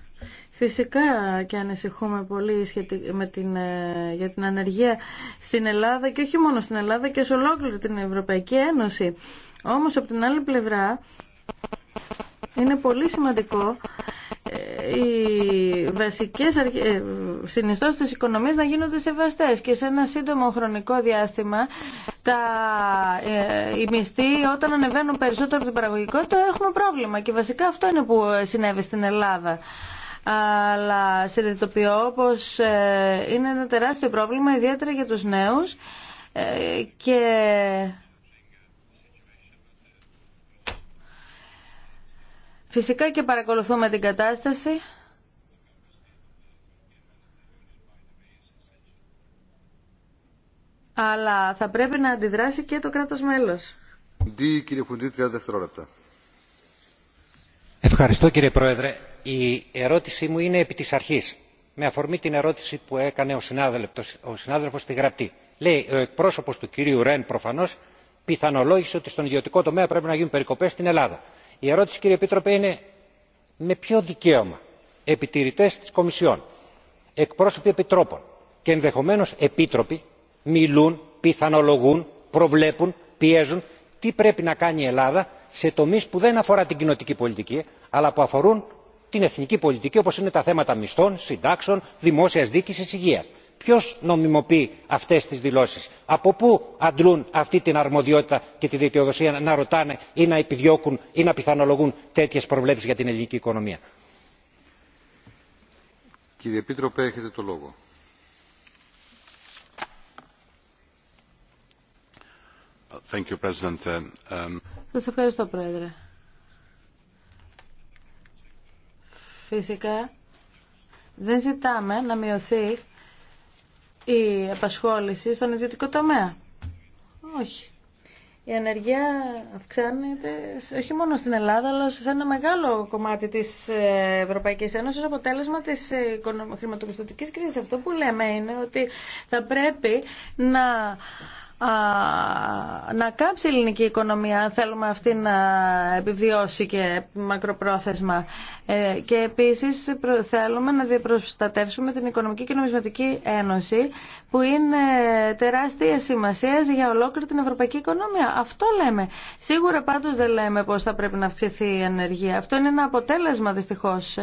Φυσικά και ανησυχούμε πολύ με την, ε, για την ανεργία στην Ελλάδα και όχι μόνο στην Ελλάδα και σε ολόκληρη την Ευρωπαϊκή Ένωση. Όμως από την άλλη πλευρά είναι πολύ σημαντικό ε, οι βασικές ε, συνιστώσεις της οικονομίας να γίνονται σεβαστές και σε ένα σύντομο χρονικό διάστημα τα, ε, οι μισθοί όταν ανεβαίνουν περισσότερο από την παραγωγικότητα έχουμε πρόβλημα και βασικά αυτό είναι που συνέβη στην Ελλάδα αλλά συνειδητοποιώ πως είναι ένα τεράστιο πρόβλημα ιδιαίτερα για τους νέους και Φυσικά και παρακολουθούμε την κατάσταση. Αλλά θα πρέπει να αντιδράσει και το κράτος μέλος. Ευχαριστώ κύριε Πρόεδρε. Η ερώτησή μου είναι επί της αρχής. Με αφορμή την ερώτηση που έκανε ο συνάδελφος, ο συνάδελφος στη γραπτή. Λέει ο εκπρόσωπος του κυρίου Ρεν προφανώς πιθανολόγησε ότι στον ιδιωτικό τομέα πρέπει να γίνουν περικοπές στην Ελλάδα η ερώτηση κύριε επίτροπε είναι με ποιο δικαίωμα επιτηρητές της κομισιόν εκπρόσωποι επιτρόπων και ενδεχομένως επίτροποι μιλούν πιθανολογούν προβλέπουν πιέζουν τι πρέπει να κάνει η ελλάδα σε τομείς που δεν αφορά την κοινοτική πολιτική αλλά που αφορούν την εθνική πολιτική όπως είναι τα θέματα μισθών συντάξεων δημόσιας διοίκηση υγείας ποιος νομιμοποιεί αυτές τις δηλώσεις από πού αντλούν αυτή την αρμοδιότητα και τη δικαιοδοσία να ρωτάνε ή να επιδιώκουν ή να πιθανολογούν τέτοιες προβλέψεις για την ελληνική οικονομία. Κύριε Πίτροπε, έχετε το λόγο. Thank um, Σας ευχαριστώ, Πρόεδρε. Φυσικά, δεν ζητάμε να μειωθεί η απασχόληση στον ιδιωτικό τομέα. Όχι. Η ανεργία αυξάνεται όχι μόνο στην Ελλάδα, αλλά σε ένα μεγάλο κομμάτι της ε, Ευρωπαϊκής Ένωσης αποτέλεσμα της ε, χρηματοπιστωτικής κρίσης. Αυτό που λέμε είναι ότι θα πρέπει να να κάψει η ελληνική οικονομία αν θέλουμε αυτή να επιβιώσει και μακροπρόθεσμα. Ε, και επίσης θέλουμε να διαπροστατεύσουμε την Οικονομική και Νομισματική Ένωση που είναι τεράστια σημασία για ολόκληρη την ευρωπαϊκή οικονομία. Αυτό λέμε. Σίγουρα πάντως δεν λέμε πώς θα πρέπει να αυξηθεί η ενεργία. Αυτό είναι ένα αποτέλεσμα δυστυχώς.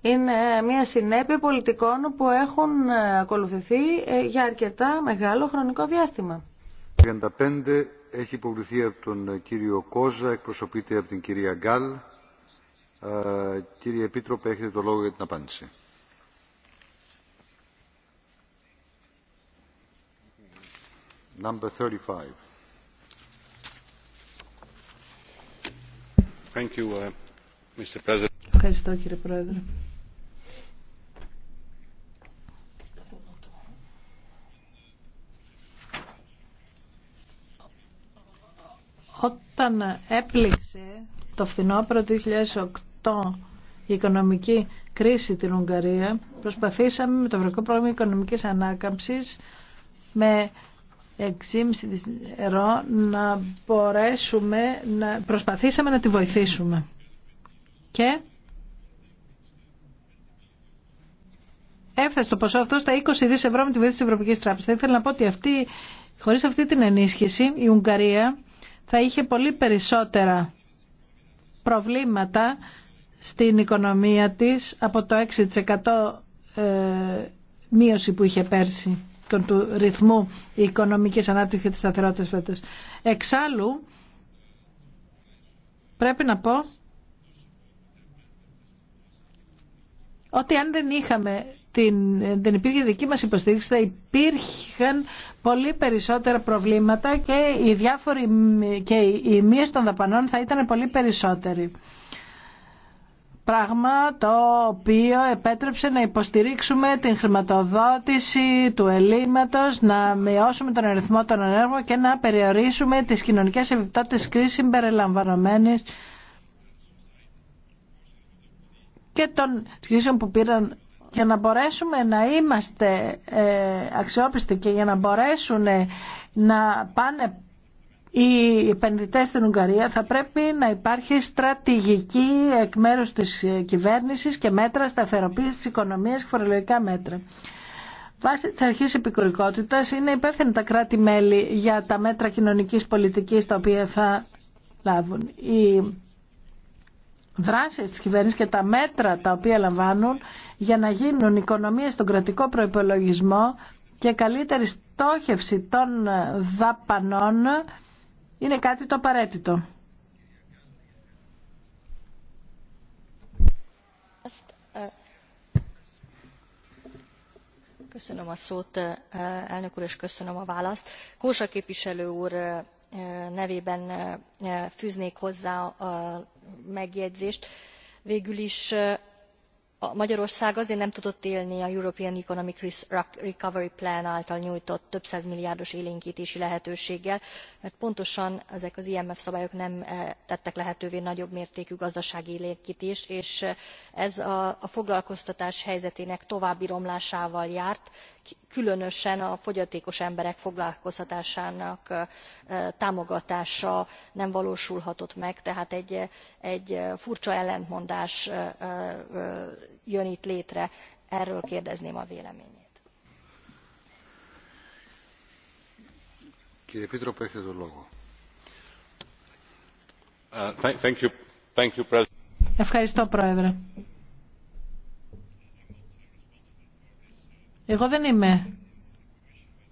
Είναι μια συνέπεια πολιτικών που έχουν ε, ακολουθηθεί ε, για αρκετά μεγάλο χρονικό διάστημα. 35 έχει υποβληθεί από τον ε, κύριο Κόζα, εκπροσωπείται από την κυρία Γκάλ. Ε, κύριε Επίτροπε, έχετε το λόγο για την απάντηση. Number 35. Thank you, uh, Mr. President. Ευχαριστώ κύριε Πρόεδρε. Όταν έπληξε το φθινόπωρο 2008 η οικονομική κρίση την Ουγγαρία, προσπαθήσαμε με το Ευρωπαϊκό Πρόγραμμα Οικονομικής Ανάκαμψης με 6,5 ευρώ να μπορέσουμε να προσπαθήσαμε να τη βοηθήσουμε. Και έφτασε το ποσό αυτό στα 20 δις ευρώ με τη βοήθεια της Ευρωπαϊκής Τράπεζας. Θα ήθελα να πω ότι αυτή, χωρίς αυτή την ενίσχυση η Ουγγαρία θα είχε πολύ περισσότερα προβλήματα στην οικονομία της από το 6% ε, μείωση που είχε πέρσι του ρυθμού οικονομικής ανάπτυξης της σταθερότητας φέτος. Εξάλλου, πρέπει να πω ότι αν δεν είχαμε την, δεν υπήρχε δική μας υποστήριξη θα υπήρχαν πολύ περισσότερα προβλήματα και οι, διάφοροι, και οι μύες των δαπανών θα ήταν πολύ περισσότεροι. Πράγμα το οποίο επέτρεψε να υποστηρίξουμε την χρηματοδότηση του ελλείμματος, να μειώσουμε τον αριθμό των ανέργων και να περιορίσουμε τις κοινωνικές επιπτώσεις κρίσης συμπεριλαμβανομένης και των κρίσεων που πήραν για να μπορέσουμε να είμαστε ε, αξιόπιστοι και για να μπορέσουν ε, να πάνε οι επενδυτέ στην Ουγγαρία θα πρέπει να υπάρχει στρατηγική εκ μέρους της ε, κυβέρνησης και μέτρα σταθεροποίησης της οικονομίας και φορολογικά μέτρα. Βάσει τη αρχή επικουρικότητα είναι υπεύθυνα τα κράτη-μέλη για τα μέτρα κοινωνική πολιτικής τα οποία θα λάβουν δράσεις της κυβέρνησης και τα μέτρα τα οποία λαμβάνουν για να γίνουν οικονομίες στον κρατικό προϋπολογισμό και καλύτερη στόχευση των δαπανών είναι κάτι το απαραίτητο. Köszönöm a szót, eh, elnök úr, és köszönöm a választ. Kósa képviselő úr eh, eh, megjegyzést végül is Magyarország azért nem tudott élni a European Economic Recovery Plan által nyújtott több százmilliárdos élénkítési lehetőséggel, mert pontosan ezek az IMF szabályok nem tettek lehetővé nagyobb mértékű gazdasági élénktést és ez a foglalkoztatás helyzetének további romlásával járt, különösen a fogyatékos emberek foglalkoztatásának támogatása nem valósulhatott meg, tehát egy furcsa ellentmondás jön itt létre erről kérdezném a véleményét. Uh, Ευχαριστώ, Πρόεδρε. Εγώ δεν είμαι,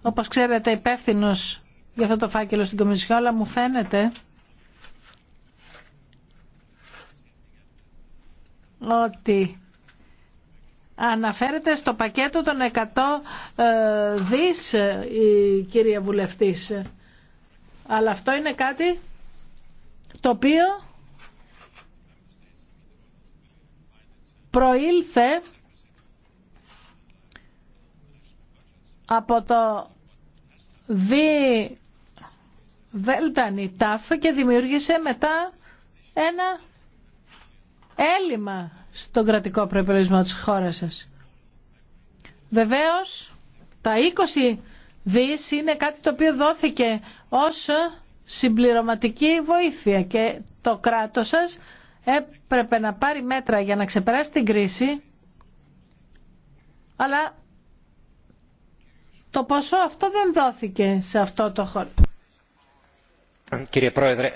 όπως ξέρετε, υπεύθυνο για αυτό το φάκελο στην Κομισιόν, αλλά μου φαίνεται ότι αναφέρεται στο πακέτο των 100 ε, δις ε, η κυρία Βουλευτής. Αλλά αυτό είναι κάτι το οποίο προήλθε από το δι Ταφ και δημιούργησε μετά ένα έλλειμμα στον κρατικό προϋπολογισμό της χώρας σας. Βεβαίως, τα 20 δις είναι κάτι το οποίο δόθηκε ως συμπληρωματική βοήθεια και το κράτος σας έπρεπε να πάρει μέτρα για να ξεπεράσει την κρίση, αλλά το ποσό αυτό δεν δόθηκε σε αυτό το χώρο. Κύριε Πρόεδρε,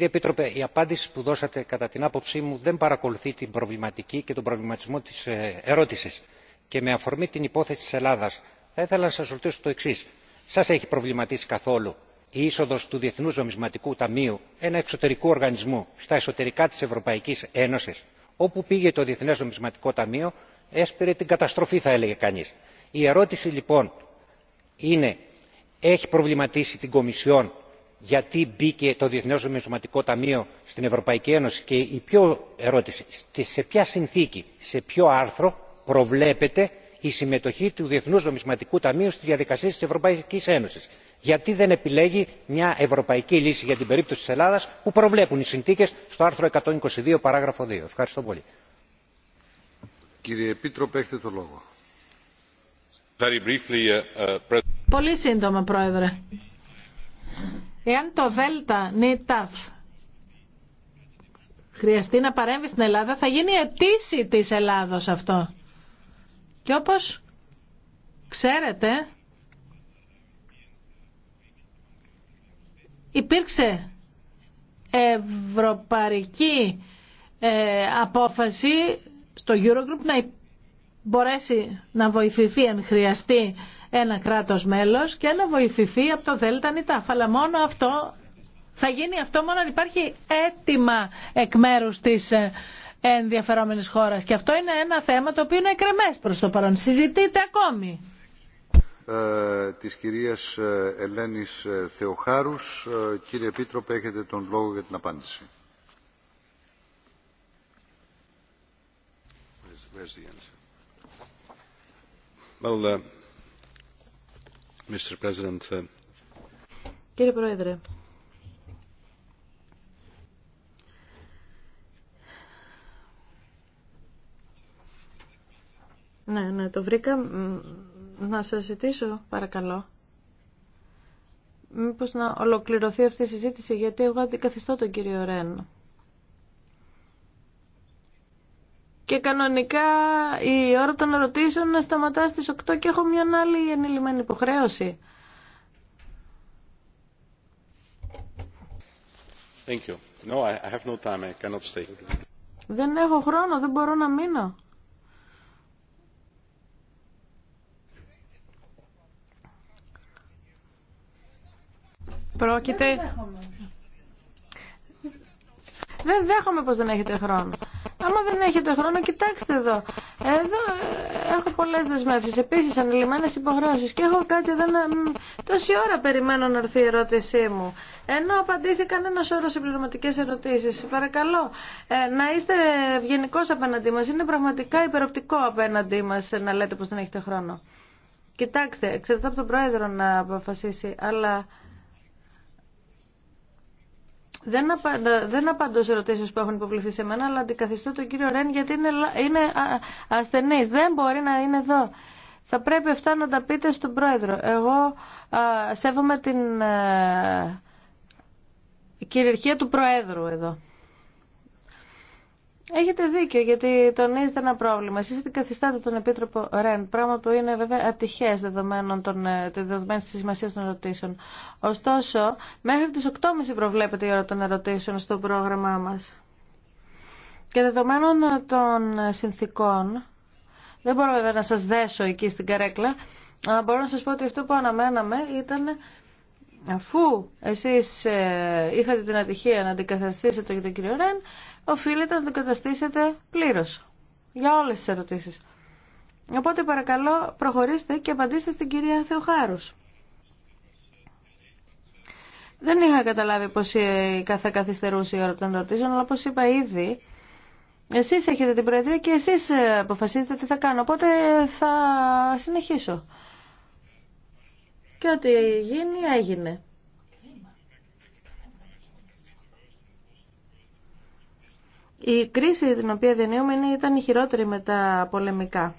Κύριε Επίτροπε, η απάντηση που δώσατε κατά την άποψή μου δεν παρακολουθεί την προβληματική και τον προβληματισμό της ε, ερώτησης. Και με αφορμή την υπόθεση της Ελλάδας θα ήθελα να σας ρωτήσω το εξής. Σας έχει προβληματίσει καθόλου η είσοδος του Διεθνούς Νομισματικού Ταμείου, ένα εξωτερικού οργανισμού, στα εσωτερικά της Ευρωπαϊκής Ένωσης, όπου πήγε το Διεθνές Νομισματικό Ταμείο, έσπηρε την καταστροφή θα έλεγε κανείς. Η ερώτηση λοιπόν είναι, έχει προβληματίσει την Κομισιόν γιατί μπήκε το διεθνές νομισματικό ταμείο στην ευρωπαϊκή ένωση και η πιο ερώτηση σε ποια συνθήκη σε ποιο άρθρο προβλέπεται η συμμετοχή του διεθνούς νομισματικού ταμείου στις διαδικασίες της ευρωπαϊκής ένωσης. γιατί δεν επιλέγει μια ευρωπαϊκή λύση για την περίπτωση της ελλάδας που προβλέπουν οι συνθήκες στο άρθρο 122 παράγραφο 2. Ευχαριστώ πολύ. Κύριε uh, uh, Πολύ σύντομα, Πρόεδρε. Εάν το ΔΕΛΤΑ ΝΙΤΑΦ χρειαστεί να παρέμβει στην Ελλάδα, θα γίνει αιτήση της Ελλάδος αυτό. Και όπως ξέρετε, υπήρξε ευρωπαϊκή ε, απόφαση στο Eurogroup να μπορέσει να βοηθηθεί αν χρειαστεί ένα κράτος μέλος και να βοηθηθεί από το Δέλτα Νιτάφ. Αλλά μόνο αυτό θα γίνει αυτό μόνο αν υπάρχει έτοιμα εκ μέρους της ε, ενδιαφερόμενης χώρας. Και αυτό είναι ένα θέμα το οποίο είναι εκρεμές προς το παρόν. Συζητείτε ακόμη. Ε, της κυρίας ε, Ελένης ε, Θεοχάρους. Κύριε Επίτροπε, έχετε τον λόγο για την απάντηση. where's the answer? Well, uh... Uh, Κύριε Πρόεδρε, Ναι, ναι, το βρήκα. Να σας ζητήσω, παρακαλώ, μήπως να ολοκληρωθεί αυτή η συζήτηση, γιατί εγώ αντικαθιστώ τον κύριο Ρέν. Και κανονικά η ώρα των ερωτήσεων να σταματά στις 8 και έχω μια άλλη ενηλυμένη υποχρέωση. Thank you. No, I have no time. I cannot stay. Δεν έχω χρόνο, δεν μπορώ να μείνω. Πρόκειται... Δεν δέχομαι, δεν δέχομαι πως δεν έχετε χρόνο. Άμα δεν έχετε χρόνο, κοιτάξτε εδώ. Εδώ ε, έχω πολλές δεσμεύσεις, επίσης ανελημμένες υποχρεώσεις και έχω κάτσει εδώ να... τόση ώρα περιμένω να έρθει η ερώτησή μου. Ενώ απαντήθηκαν ένα σώρο συμπληρωματικές ερωτήσεις. Παρακαλώ, ε, να είστε ευγενικό απέναντί μας. Είναι πραγματικά υπεροπτικό απέναντί μας να λέτε πως δεν έχετε χρόνο. Κοιτάξτε, εξαρτάται από τον Πρόεδρο να αποφασίσει, αλλά... Δεν απαντώ, δεν απαντώ σε ερωτήσει που έχουν υποβληθεί σε μένα, αλλά αντικαθιστώ τον κύριο Ρεν γιατί είναι, είναι ασθενή. Δεν μπορεί να είναι εδώ. Θα πρέπει αυτά να τα πείτε στον πρόεδρο. Εγώ α, σέβομαι την ε, κυριαρχία του προέδρου εδώ. Έχετε δίκιο, γιατί τονίζετε ένα πρόβλημα. Εσεί την καθιστάτε τον Επίτροπο Ρεν, πράγμα που είναι βέβαια ατυχέ δεδομένων των, ε, δεδομένων τη σημασία των ερωτήσεων. Ωστόσο, μέχρι τι 8.30 προβλέπεται η ώρα των ερωτήσεων στο πρόγραμμά μα. Και δεδομένων των συνθήκων, δεν μπορώ βέβαια να σα δέσω εκεί στην καρέκλα, αλλά μπορώ να σα πω ότι αυτό που αναμέναμε ήταν αφού εσείς ε, είχατε την ατυχία να για τον κύριο Ρεν, οφείλετε να το καταστήσετε πλήρως για όλες τις ερωτήσεις. Οπότε παρακαλώ προχωρήστε και απαντήστε στην κυρία Θεοχάρους. Δεν είχα καταλάβει πως θα καθυστερούσε η ώρα των ερωτήσεων, αλλά όπως είπα ήδη, εσείς έχετε την Προεδρία και εσείς ε, αποφασίζετε τι θα κάνω, οπότε θα συνεχίσω. Και ό,τι γίνει έγινε. Η κρίση την οποία διανύουμε ήταν η χειρότερη με τα πολεμικά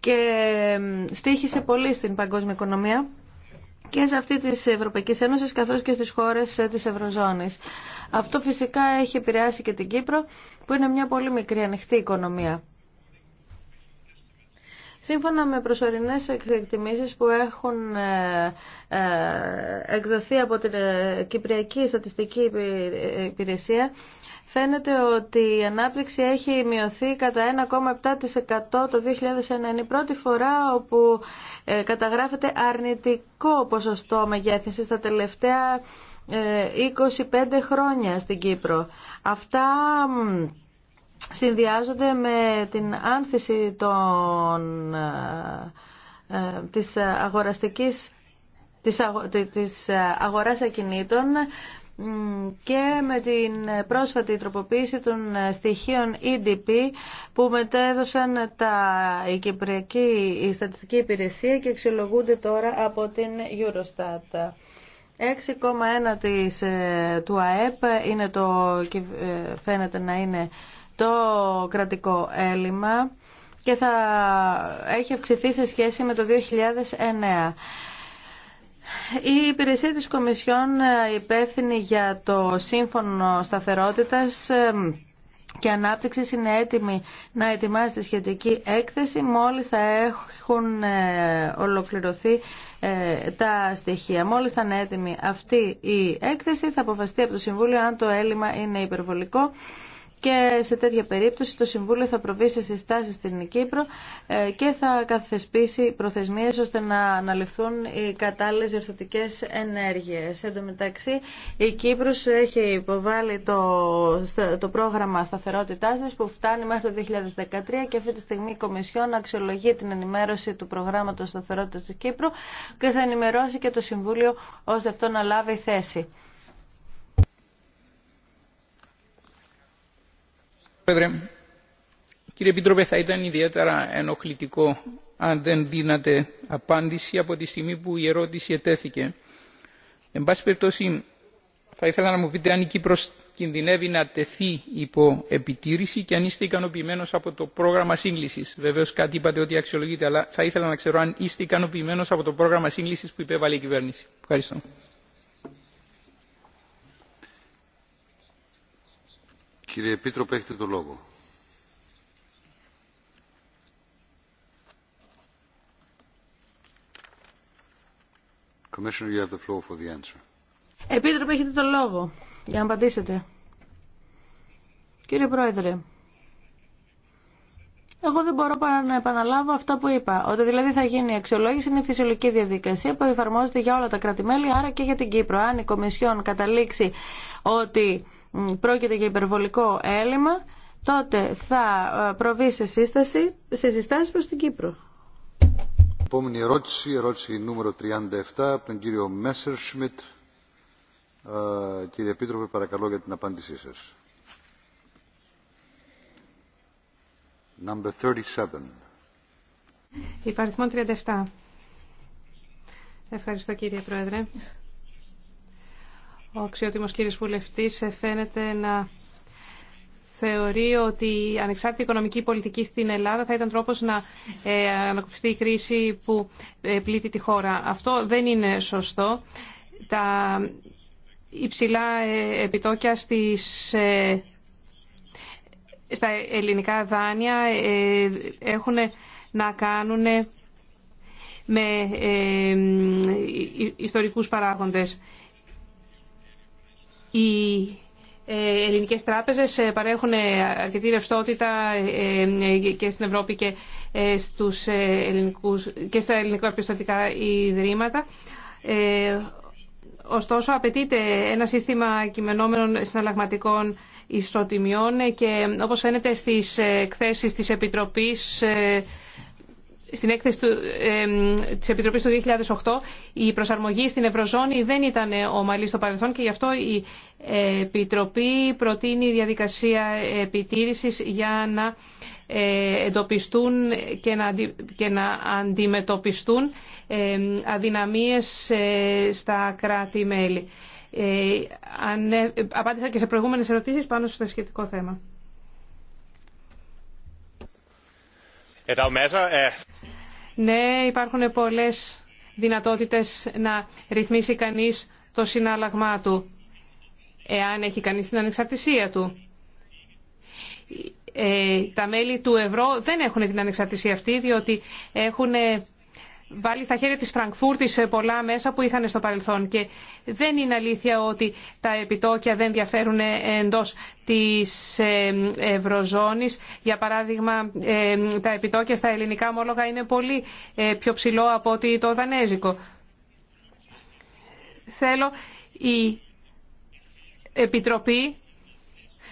και στήχησε πολύ στην παγκόσμια οικονομία και σε αυτή της Ευρωπαϊκής Ένωσης καθώς και στις χώρες ε, της Ευρωζώνης. Αυτό φυσικά έχει επηρεάσει και την Κύπρο που είναι μια πολύ μικρή ανοιχτή οικονομία. Σύμφωνα με προσωρινές εκτιμήσεις που έχουν ε, ε, εκδοθεί από την ε, Κυπριακή Στατιστική Υπηρεσία, φαίνεται ότι η ανάπτυξη έχει μειωθεί κατά 1,7% το 2001. Είναι η πρώτη φορά όπου καταγράφεται αρνητικό ποσοστό μεγέθυνση στα τελευταία 25 χρόνια στην Κύπρο. Αυτά συνδυάζονται με την άνθηση των, ε, ε, της αγοραστικής της, της αγοράς ακινήτων και με την πρόσφατη τροποποίηση των στοιχείων EDP που μετέδωσαν τα, η Κυπριακή Στατιστική Υπηρεσία και αξιολογούνται τώρα από την Eurostat. 6,1 της, ε, του ΑΕΠ είναι το, φαίνεται να είναι το κρατικό έλλειμμα και θα έχει αυξηθεί σε σχέση με το 2009. Η υπηρεσία της Κομισιόν ε, υπεύθυνη για το Σύμφωνο Σταθερότητας ε, και Ανάπτυξης είναι έτοιμη να ετοιμάσει τη σχετική έκθεση μόλις θα έχουν ε, ολοκληρωθεί τα στοιχεία. Μόλις θα είναι έτοιμη αυτή η έκθεση θα αποφαστεί από το Συμβούλιο αν το έλλειμμα είναι υπερβολικό και σε τέτοια περίπτωση το Συμβούλιο θα προβεί σε συστάσεις στην Κύπρο ε, και θα καθεσπίσει προθεσμίες ώστε να αναλυθούν οι κατάλληλες διορθωτικές ενέργειες. Εν τω μεταξύ η Κύπρος έχει υποβάλει το, το πρόγραμμα σταθερότητάς της που φτάνει μέχρι το 2013 και αυτή τη στιγμή η Κομισιόν αξιολογεί την ενημέρωση του προγράμματος σταθερότητας της Κύπρου και θα ενημερώσει και το Συμβούλιο ώστε αυτό να λάβει θέση. κύριε Επίτροπε, θα ήταν ιδιαίτερα ενοχλητικό αν δεν δίνατε απάντηση από τη στιγμή που η ερώτηση ετέθηκε. Εν πάση περιπτώσει, θα ήθελα να μου πείτε αν η Κύπρος κινδυνεύει να τεθεί υπό επιτήρηση και αν είστε ικανοποιημένο από το πρόγραμμα σύγκλησης. Βεβαίως, κάτι είπατε ότι αξιολογείται, αλλά θα ήθελα να ξέρω αν είστε ικανοποιημένο από το πρόγραμμα σύγκλησης που υπέβαλε η κυβέρνηση. Ευχαριστώ. Κύριε Επίτροπε, έχετε το λόγο. Επίτροπε, έχετε το λόγο για να απαντήσετε. Κύριε Πρόεδρε, εγώ δεν μπορώ παρά να επαναλάβω αυτά που είπα. Ότι δηλαδή θα γίνει η αξιολόγηση είναι η φυσιολογική διαδικασία που εφαρμόζεται για όλα τα κράτη-μέλη, άρα και για την Κύπρο. Αν η Κομισιόν καταλήξει ότι πρόκειται για υπερβολικό έλλειμμα, τότε θα ε, προβεί σε σύσταση, σε συστάσεις προς την Κύπρο. Επόμενη ερώτηση, ερώτηση νούμερο 37, από τον κύριο Μέσερ Σμιτ. Κύριε Επίτροπε, παρακαλώ για την απάντησή σας. Number 37. Υπαριθμό 37. Ευχαριστώ κύριε Πρόεδρε. Ο αξιότιμος κύριος Βουλευτής ε, φαίνεται να θεωρεί ότι η ανεξάρτητη οικονομική πολιτική στην Ελλάδα θα ήταν τρόπος να ε, ανακουφιστεί η κρίση που ε, πλήττει τη χώρα. Αυτό δεν είναι σωστό. Τα υψηλά επιτόκια στις στα ελληνικά δάνεια έχουν να κάνουν με ιστορικούς παράγοντες. Οι ε, ελληνικές τράπεζες ε, παρέχουν ε, αρκετή ρευστότητα και στην Ευρώπη και, στους ελληνικούς, και στα ελληνικά πιστοτικά ιδρύματα. Ωστόσο, απαιτείται ένα σύστημα κειμενόμενων συναλλαγματικών ισοτιμιών και όπως φαίνεται στις εκθέσεις της Επιτροπής στην έκθεση του, ε, της Επιτροπής του 2008 η προσαρμογή στην Ευρωζώνη δεν ήταν ομαλή στο παρελθόν και γι' αυτό η Επιτροπή προτείνει διαδικασία επιτήρησης για να ε, εντοπιστούν και να, και να αντιμετωπιστούν ε, αδυναμίες στα κράτη-μέλη. Ε, απάντησα και σε προηγούμενες ερωτήσεις πάνω στο σχετικό θέμα. Ε, ναι, υπάρχουν πολλές δυνατότητες να ρυθμίσει κανείς το συνάλλαγμά του, εάν έχει κανείς την ανεξαρτησία του. Ε, τα μέλη του ευρώ δεν έχουν την ανεξαρτησία αυτή, διότι έχουν βάλει στα χέρια της Φραγκφούρτης ε, πολλά μέσα που είχαν στο παρελθόν και δεν είναι αλήθεια ότι τα επιτόκια δεν διαφέρουν ε, εντός της ε, Ευρωζώνης. Για παράδειγμα, τα επιτόκια στα ελληνικά ομόλογα είναι πολύ πιο ψηλό από ότι το δανέζικο. Θέλω η Επιτροπή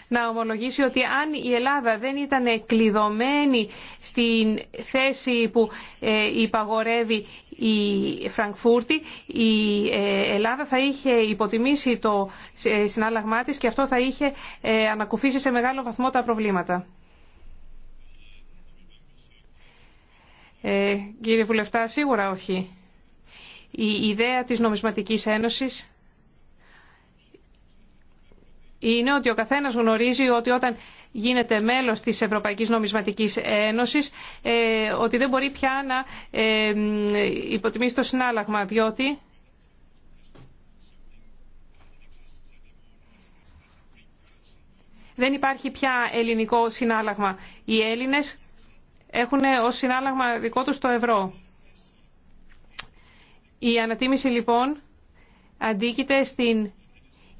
να ομολογήσει ότι αν η Ελλάδα δεν ήταν κλειδωμένη στην θέση που ε, υπαγορεύει η Φραγκφούρτη, η ε, Ελλάδα θα είχε υποτιμήσει το ε, συνάλλαγμά της και αυτό θα είχε ανακουφίσει σε μεγάλο βαθμό τα προβλήματα. Ε, κύριε Βουλευτά, σίγουρα όχι. Η ιδέα της νομισματικής ένωσης είναι ότι ο καθένας γνωρίζει ότι όταν γίνεται μέλος της Ευρωπαϊκής Νομισματικής Ένωσης ε, ότι δεν μπορεί πια να ε, υποτιμήσει το συνάλλαγμα διότι δεν υπάρχει πια ελληνικό συνάλλαγμα. Οι Έλληνες έχουν ως συνάλλαγμα δικό τους το ευρώ. Η ανατίμηση λοιπόν αντίκειται στην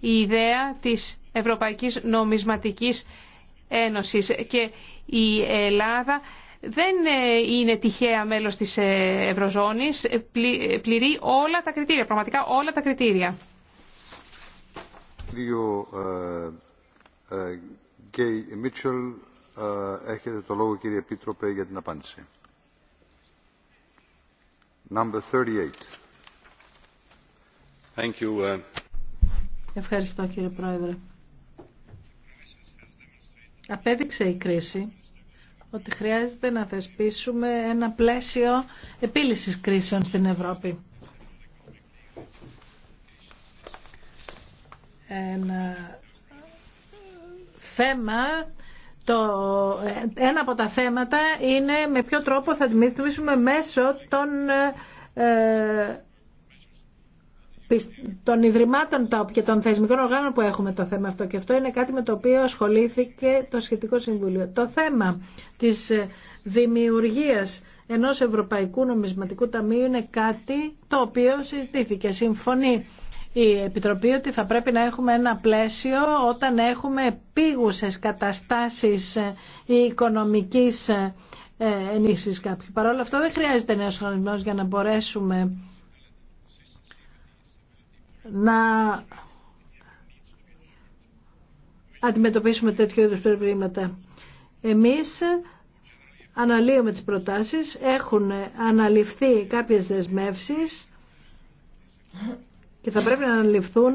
η ιδέα της Ευρωπαϊκής Νομισματικής Ένωσης και η Ελλάδα δεν ε, είναι τυχαία μέλος της ε, Ευρωζώνης, πληρεί όλα τα κριτήρια, πραγματικά όλα τα κριτήρια. Κύριο ε, Γκέι Μίτσελ, έχετε το λόγο κύριε Επίτροπε για την απάντηση. Number 38. Thank you, Ευχαριστώ κύριε Πρόεδρε. Απέδειξε η κρίση ότι χρειάζεται να θεσπίσουμε ένα πλαίσιο επίλυσης κρίσεων στην Ευρώπη. Ένα θέμα, το, ένα από τα θέματα είναι με ποιο τρόπο θα αντιμετωπίσουμε μέσω των ε, των Ιδρυμάτων και των θεσμικών οργάνων που έχουμε το θέμα αυτό και αυτό είναι κάτι με το οποίο ασχολήθηκε το σχετικό συμβούλιο. Το θέμα της ε, δημιουργίας ενός Ευρωπαϊκού Νομισματικού Ταμείου είναι κάτι το οποίο συζητήθηκε. Συμφωνεί η Επιτροπή ότι θα πρέπει να έχουμε ένα πλαίσιο όταν έχουμε επίγουσες καταστάσεις ε, οικονομικής ε, ενίσχυσης κάποιου. Παρ' όλα αυτό δεν χρειάζεται νέος χρονισμός για να μπορέσουμε να αντιμετωπίσουμε τέτοιου είδους προβλήματα. Εμείς αναλύουμε τις προτάσεις, έχουν αναλυφθεί κάποιες δεσμεύσεις και θα πρέπει να αναλυφθούν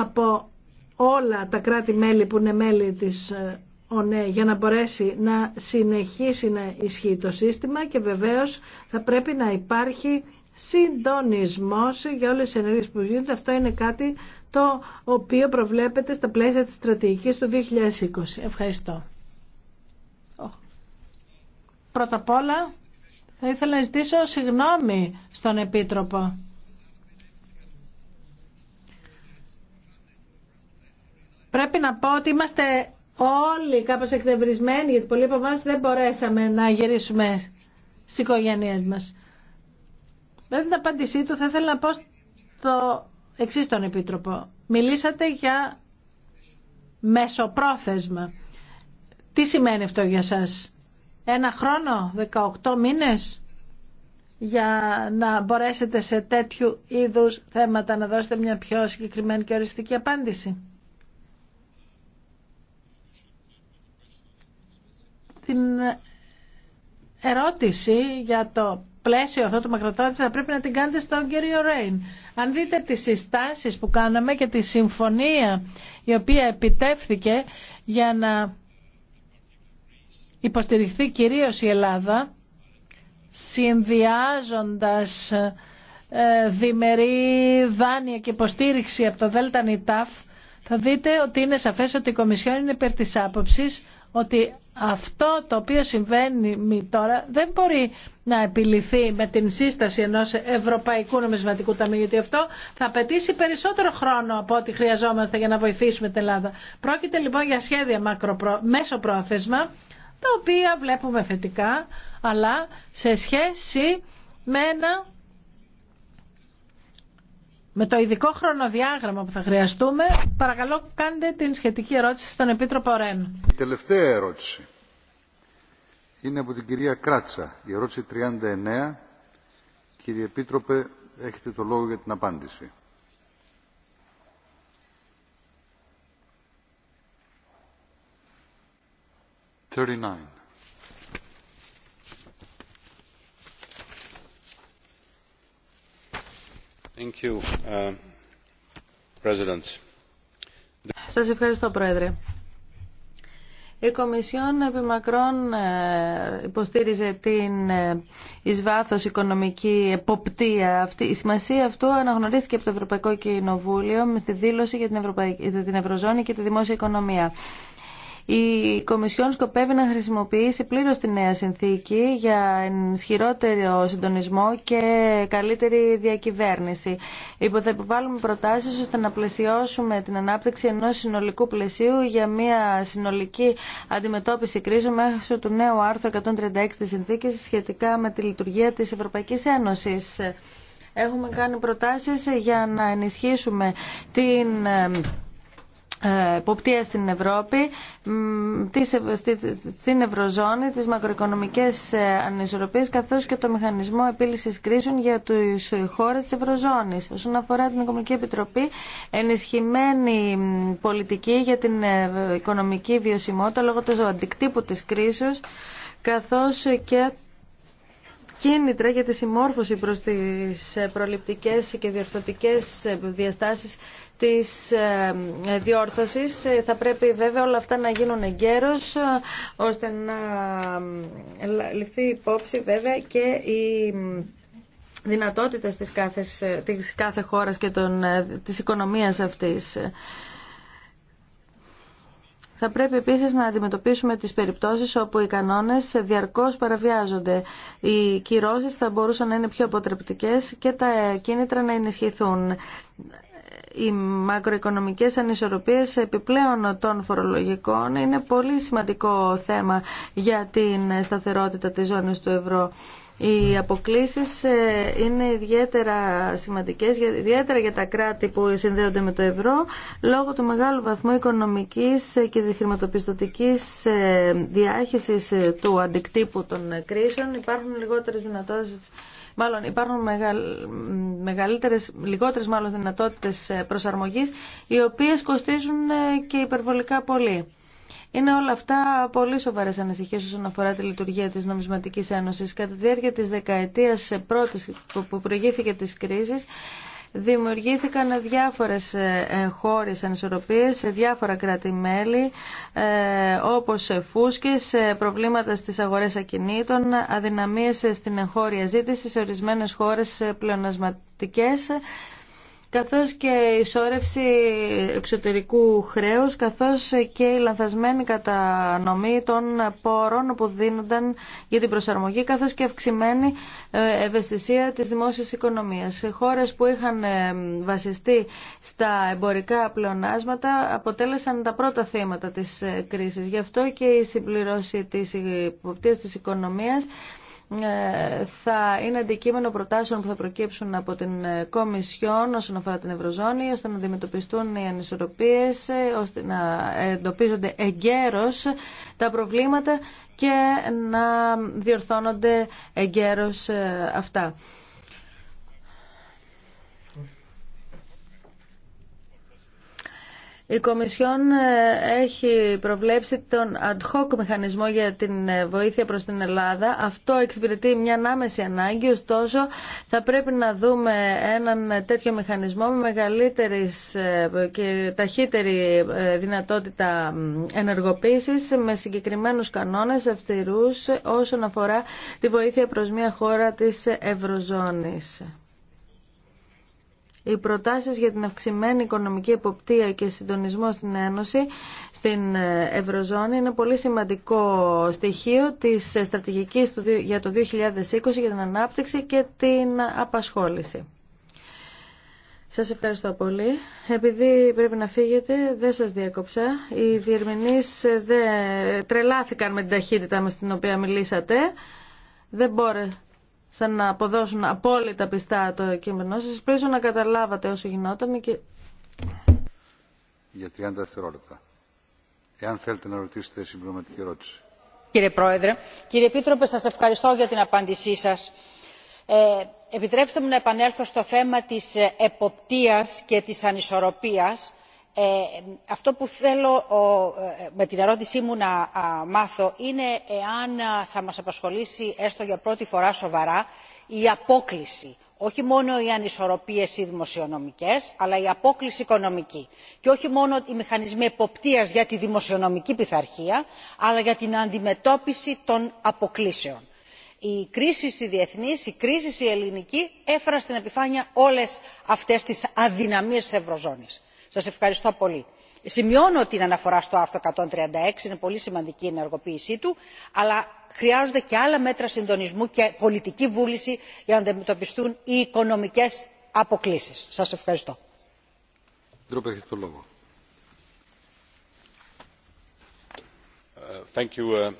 από όλα τα κράτη-μέλη που είναι μέλη της ε, ΟΝΕ για να μπορέσει να συνεχίσει να ισχύει το σύστημα και βεβαίως θα πρέπει να υπάρχει συντονισμός για όλες τις ενέργειες που γίνονται. Αυτό είναι κάτι το οποίο προβλέπεται στα πλαίσια της στρατηγικής του 2020. Ευχαριστώ. Πρώτα απ' όλα θα ήθελα να ζητήσω συγγνώμη στον Επίτροπο. Πρέπει να πω ότι είμαστε όλοι κάπως εκτευρισμένοι γιατί πολλοί από εμάς δεν μπορέσαμε να γυρίσουμε στις οικογένειές μας. Με την απάντησή του θα ήθελα να πω το εξή τον Επίτροπο. Μιλήσατε για μεσοπρόθεσμα. Τι σημαίνει αυτό για σας. Ένα χρόνο, 18 μήνες για να μπορέσετε σε τέτοιου είδους θέματα να δώσετε μια πιο συγκεκριμένη και οριστική απάντηση. Την ερώτηση για το πλαίσιο αυτό το μακροτόπιο θα πρέπει να την κάνετε στον κύριο Ρέιν. Αν δείτε τις συστάσεις που κάναμε και τη συμφωνία η οποία επιτεύθηκε για να υποστηριχθεί κυρίως η Ελλάδα συνδυάζοντας ε, διμερή δάνεια και υποστήριξη από το ΔΕΛΤΑ θα δείτε ότι είναι σαφές ότι η Κομισιόν είναι υπέρ τη άποψης ότι αυτό το οποίο συμβαίνει τώρα δεν μπορεί να επιληθεί με την σύσταση ενός Ευρωπαϊκού Νομισματικού Ταμείου, γιατί αυτό θα απαιτήσει περισσότερο χρόνο από ό,τι χρειαζόμαστε για να βοηθήσουμε την Ελλάδα. Πρόκειται λοιπόν για σχέδια μακροπρο... μέσω πρόθεσμα, τα οποία βλέπουμε θετικά, αλλά σε σχέση με ένα με το ειδικό χρονοδιάγραμμα που θα χρειαστούμε, παρακαλώ κάντε την σχετική ερώτηση στον Επίτροπο Ρέν. Η τελευταία ερώτηση είναι από την κυρία Κράτσα, η ερώτηση 39. Κύριε Επίτροπε, έχετε το λόγο για την απάντηση. Uh, Σας ευχαριστώ, Πρόεδρε. Η Κομισιόν μακρόν ε, υποστήριζε την ε, εις οικονομική εποπτεία. Αυτή, η σημασία αυτού αναγνωρίστηκε από το Ευρωπαϊκό Κοινοβούλιο στη δήλωση για την, την Ευρωζώνη και τη δημόσια οικονομία. Η Κομισιόν σκοπεύει να χρησιμοποιήσει πλήρως τη νέα συνθήκη για ισχυρότερο συντονισμό και καλύτερη διακυβέρνηση. Θα υποβάλουμε προτάσεις ώστε να πλαισιώσουμε την ανάπτυξη ενός συνολικού πλαισίου για μια συνολική αντιμετώπιση κρίσεων μέχρι του νέου άρθρου 136 της συνθήκης σχετικά με τη λειτουργία της Ευρωπαϊκής Ένωσης. Έχουμε κάνει προτάσεις για να ενισχύσουμε την ε, εποπτεία στην Ευρώπη, ε, στην Ευρωζώνη, τις μακροοικονομικές ε, ανισορροπίες καθώς και το μηχανισμό επίλυσης κρίσεων για τις χώρες της Ευρωζώνης. Όσον αφορά την Οικονομική Επιτροπή, ενισχυμένη πολιτική για την οικονομική βιωσιμότητα λόγω του αντικτύπου της κρίσεως καθώς και κίνητρα για τη συμμόρφωση προς τις προληπτικές και διορθωτικές διαστάσεις της ε, διόρθωσης. Ε, θα πρέπει βέβαια όλα αυτά να γίνουν εγκαίρως, ε, ώστε να ληφθεί υπόψη βέβαια και η δυνατότητες της κάθε, της κάθε χώρας και των, της οικονομίας αυτής. Θα πρέπει επίσης να αντιμετωπίσουμε τις περιπτώσεις όπου οι κανόνες διαρκώς παραβιάζονται. Οι κυρώσεις θα μπορούσαν να είναι πιο αποτρεπτικές και τα κίνητρα να ενισχυθούν οι μακροοικονομικές ανισορροπίες επιπλέον των φορολογικών είναι πολύ σημαντικό θέμα για την σταθερότητα της ζώνης του ευρώ. Οι αποκλήσει ε, είναι ιδιαίτερα σημαντικές, ιδιαίτερα για τα κράτη που συνδέονται με το ευρώ, λόγω του μεγάλου βαθμού οικονομικής και χρηματοπιστωτικής ε, διάχυσης ε, του αντικτύπου των κρίσεων. Υπάρχουν λιγότερες δυνατότητες μάλλον υπάρχουν μεγαλύτερες, λιγότερες μάλλον δυνατότητες προσαρμογής, οι οποίες κοστίζουν ε, και υπερβολικά πολύ. Είναι όλα αυτά πολύ σοβαρές ανησυχίε όσον αφορά τη λειτουργία της νομισματικής ένωσης. Κατά τη διάρκεια της δεκαετίας πρώτης που προηγήθηκε της κρίσης, Δημιουργήθηκαν διάφορες ε, χώρες ανισορροπίες σε διάφορα κράτη-μέλη ε, όπως φούσκες, ε, προβλήματα στις αγορές ακινήτων, αδυναμίες στην εγχώρια ζήτηση σε ορισμένες χώρες πλεονασματικές καθώς και η σώρευση εξωτερικού χρέους, καθώς και η λανθασμένη κατανομή των πόρων που δίνονταν για την προσαρμογή, καθώς και αυξημένη ε, ευαισθησία της δημόσιας οικονομίας. Χώρες που είχαν ε, βασιστεί στα εμπορικά πλεονάσματα αποτέλεσαν τα πρώτα θύματα της ε, κρίσης. Γι' αυτό και η συμπληρώση της υποπτίας της οικονομίας ε, θα είναι αντικείμενο προτάσεων που θα προκύψουν από την ε, Κομισιόν όσον αφορά την Ευρωζώνη, ώστε να αντιμετωπιστούν οι ανισορροπίες, ε, ώστε να εντοπίζονται εγκαίρως τα προβλήματα και να διορθώνονται εγκαίρως αυτά. Η Κομισιόν ε, έχει προβλέψει τον ad hoc μηχανισμό για την ε, βοήθεια προς την Ελλάδα. Αυτό εξυπηρετεί μια ανάμεση ανάγκη, ωστόσο θα πρέπει να δούμε έναν τέτοιο μηχανισμό με μεγαλύτερη ε, και ταχύτερη δυνατότητα ενεργοποίησης με συγκεκριμένους κανόνες αυστηρούς όσον αφορά τη βοήθεια προς μια χώρα της Ευρωζώνης. Οι προτάσεις για την αυξημένη οικονομική εποπτεία και συντονισμό στην Ένωση, στην ε, Ευρωζώνη, είναι πολύ σημαντικό στοιχείο της στρατηγικής για το 2020 για την ανάπτυξη και την απασχόληση. Σας ευχαριστώ πολύ. Επειδή πρέπει να φύγετε, δεν σας διακόψα. Οι διερμηνείς ε, δεν τρελάθηκαν με την ταχύτητα με την οποία μιλήσατε. Δεν μπόρε σαν να αποδώσουν απόλυτα πιστά το κείμενό σας. Πρέπει να καταλάβατε όσο γινόταν και... Για 30 δευτερόλεπτα. Εάν θέλετε να ρωτήσετε συμπληρωματική ερώτηση. Κύριε Πρόεδρε, κύριε Επίτροπε, σας ευχαριστώ για την απάντησή σας. Ε, επιτρέψτε μου να επανέλθω στο θέμα της εποπτείας και της ανισορροπίας ε, αυτό που θέλω ε, με την ερώτησή μου να μάθω είναι εάν θα μας απασχολήσει έστω για πρώτη φορά σοβαρά η απόκληση όχι μόνο οι ανισορροπίες οι δημοσιονομικές αλλά η απόκληση οικονομική και όχι μόνο οι μηχανισμοί εποπτείας για τη δημοσιονομική πειθαρχία αλλά για την αντιμετώπιση των αποκλήσεων. η κρίση η διεθνής η κρίση η ελληνική έφεραν στην επιφάνεια όλες αυτές τις αδυναμίες της ευρωζώνης σας ευχαριστώ πολύ. σημειώνω την αναφορά στο άρθρο 136 είναι πολύ σημαντική η ενεργοποίησή του αλλά χρειάζονται και άλλα μέτρα συντονισμού και πολιτική βούληση για να αντιμετωπιστούν οι οικονομικές αποκλήσεις. σας ευχαριστώ. Ε, ε,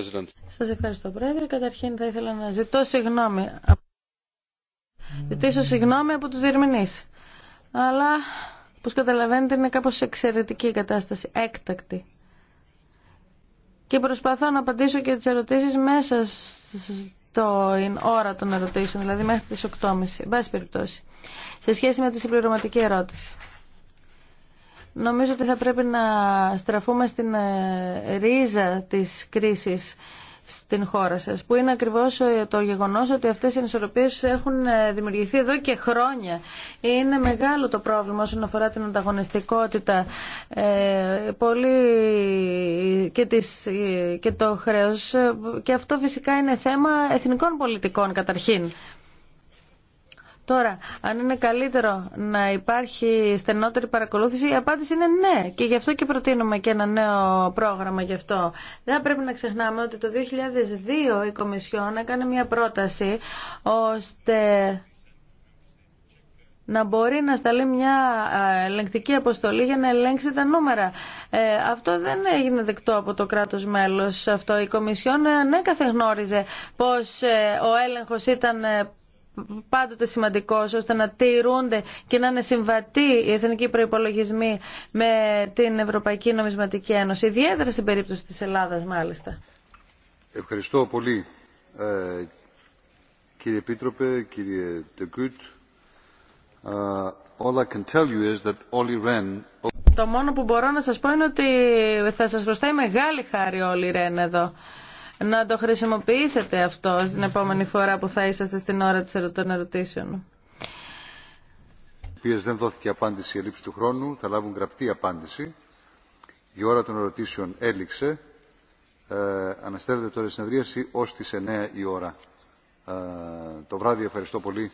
ε, σας ευχαριστώ Πρόεδρε. Καταρχήν θα ήθελα να ζητώ Ζητήσω συγγνώμη από τους διερμηνείς. Αλλά Πώς καταλαβαίνετε είναι κάπως εξαιρετική η κατάσταση, έκτακτη. Και προσπαθώ να απαντήσω και τις ερωτήσεις μέσα την ώρα των ερωτήσεων, δηλαδή μέχρι τις 8.30, εν περιπτώσει, σε σχέση με τη συμπληρωματική ερώτηση. Νομίζω ότι θα πρέπει να στραφούμε στην ε, ρίζα της κρίσης στην χώρα σας, που είναι ακριβώς το γεγονός ότι αυτές οι ανισορροπίες έχουν ε, δημιουργηθεί εδώ και χρόνια. Είναι μεγάλο το πρόβλημα όσον αφορά την ανταγωνιστικότητα ε, πολύ και, τις, ε, και το χρέος και αυτό φυσικά είναι θέμα εθνικών πολιτικών καταρχήν. Τώρα, αν είναι καλύτερο να υπάρχει στενότερη παρακολούθηση, η απάντηση είναι ναι. Και γι' αυτό και προτείνουμε και ένα νέο πρόγραμμα γι' αυτό. Δεν πρέπει να ξεχνάμε ότι το 2002 η Κομισιόν έκανε μια πρόταση ώστε να μπορεί να σταλεί μια ελεγκτική αποστολή για να ελέγξει τα νούμερα. Ε, αυτό δεν έγινε δεκτό από το κράτος μέλος. Αυτό η Κομισιόν ναι γνώριζε πως ε, ο έλεγχος ήταν πάντοτε σημαντικό ώστε να τηρούνται και να είναι συμβατοί οι εθνικοί προπολογισμοί με την Ευρωπαϊκή Νομισματική Ένωση, ιδιαίτερα στην περίπτωση της Ελλάδας μάλιστα. Ευχαριστώ πολύ ε, κύριε πίτροπε, κύριε Τεκούτ. Ε, all I can tell you is that Ren... Το μόνο που μπορώ να σας πω είναι ότι θα σας χρωστάει μεγάλη χάρη όλη Ρεν εδώ να το χρησιμοποιήσετε αυτό στην επόμενη φορά που θα είσαστε στην ώρα των ερωτήσεων. Οι δεν δόθηκε απάντηση η του χρόνου θα λάβουν γραπτή απάντηση. Η ώρα των ερωτήσεων έληξε. Ε, αναστέλλεται τώρα η συνεδρίαση ως τις 9 η ώρα. Ε, το βράδυ ευχαριστώ πολύ.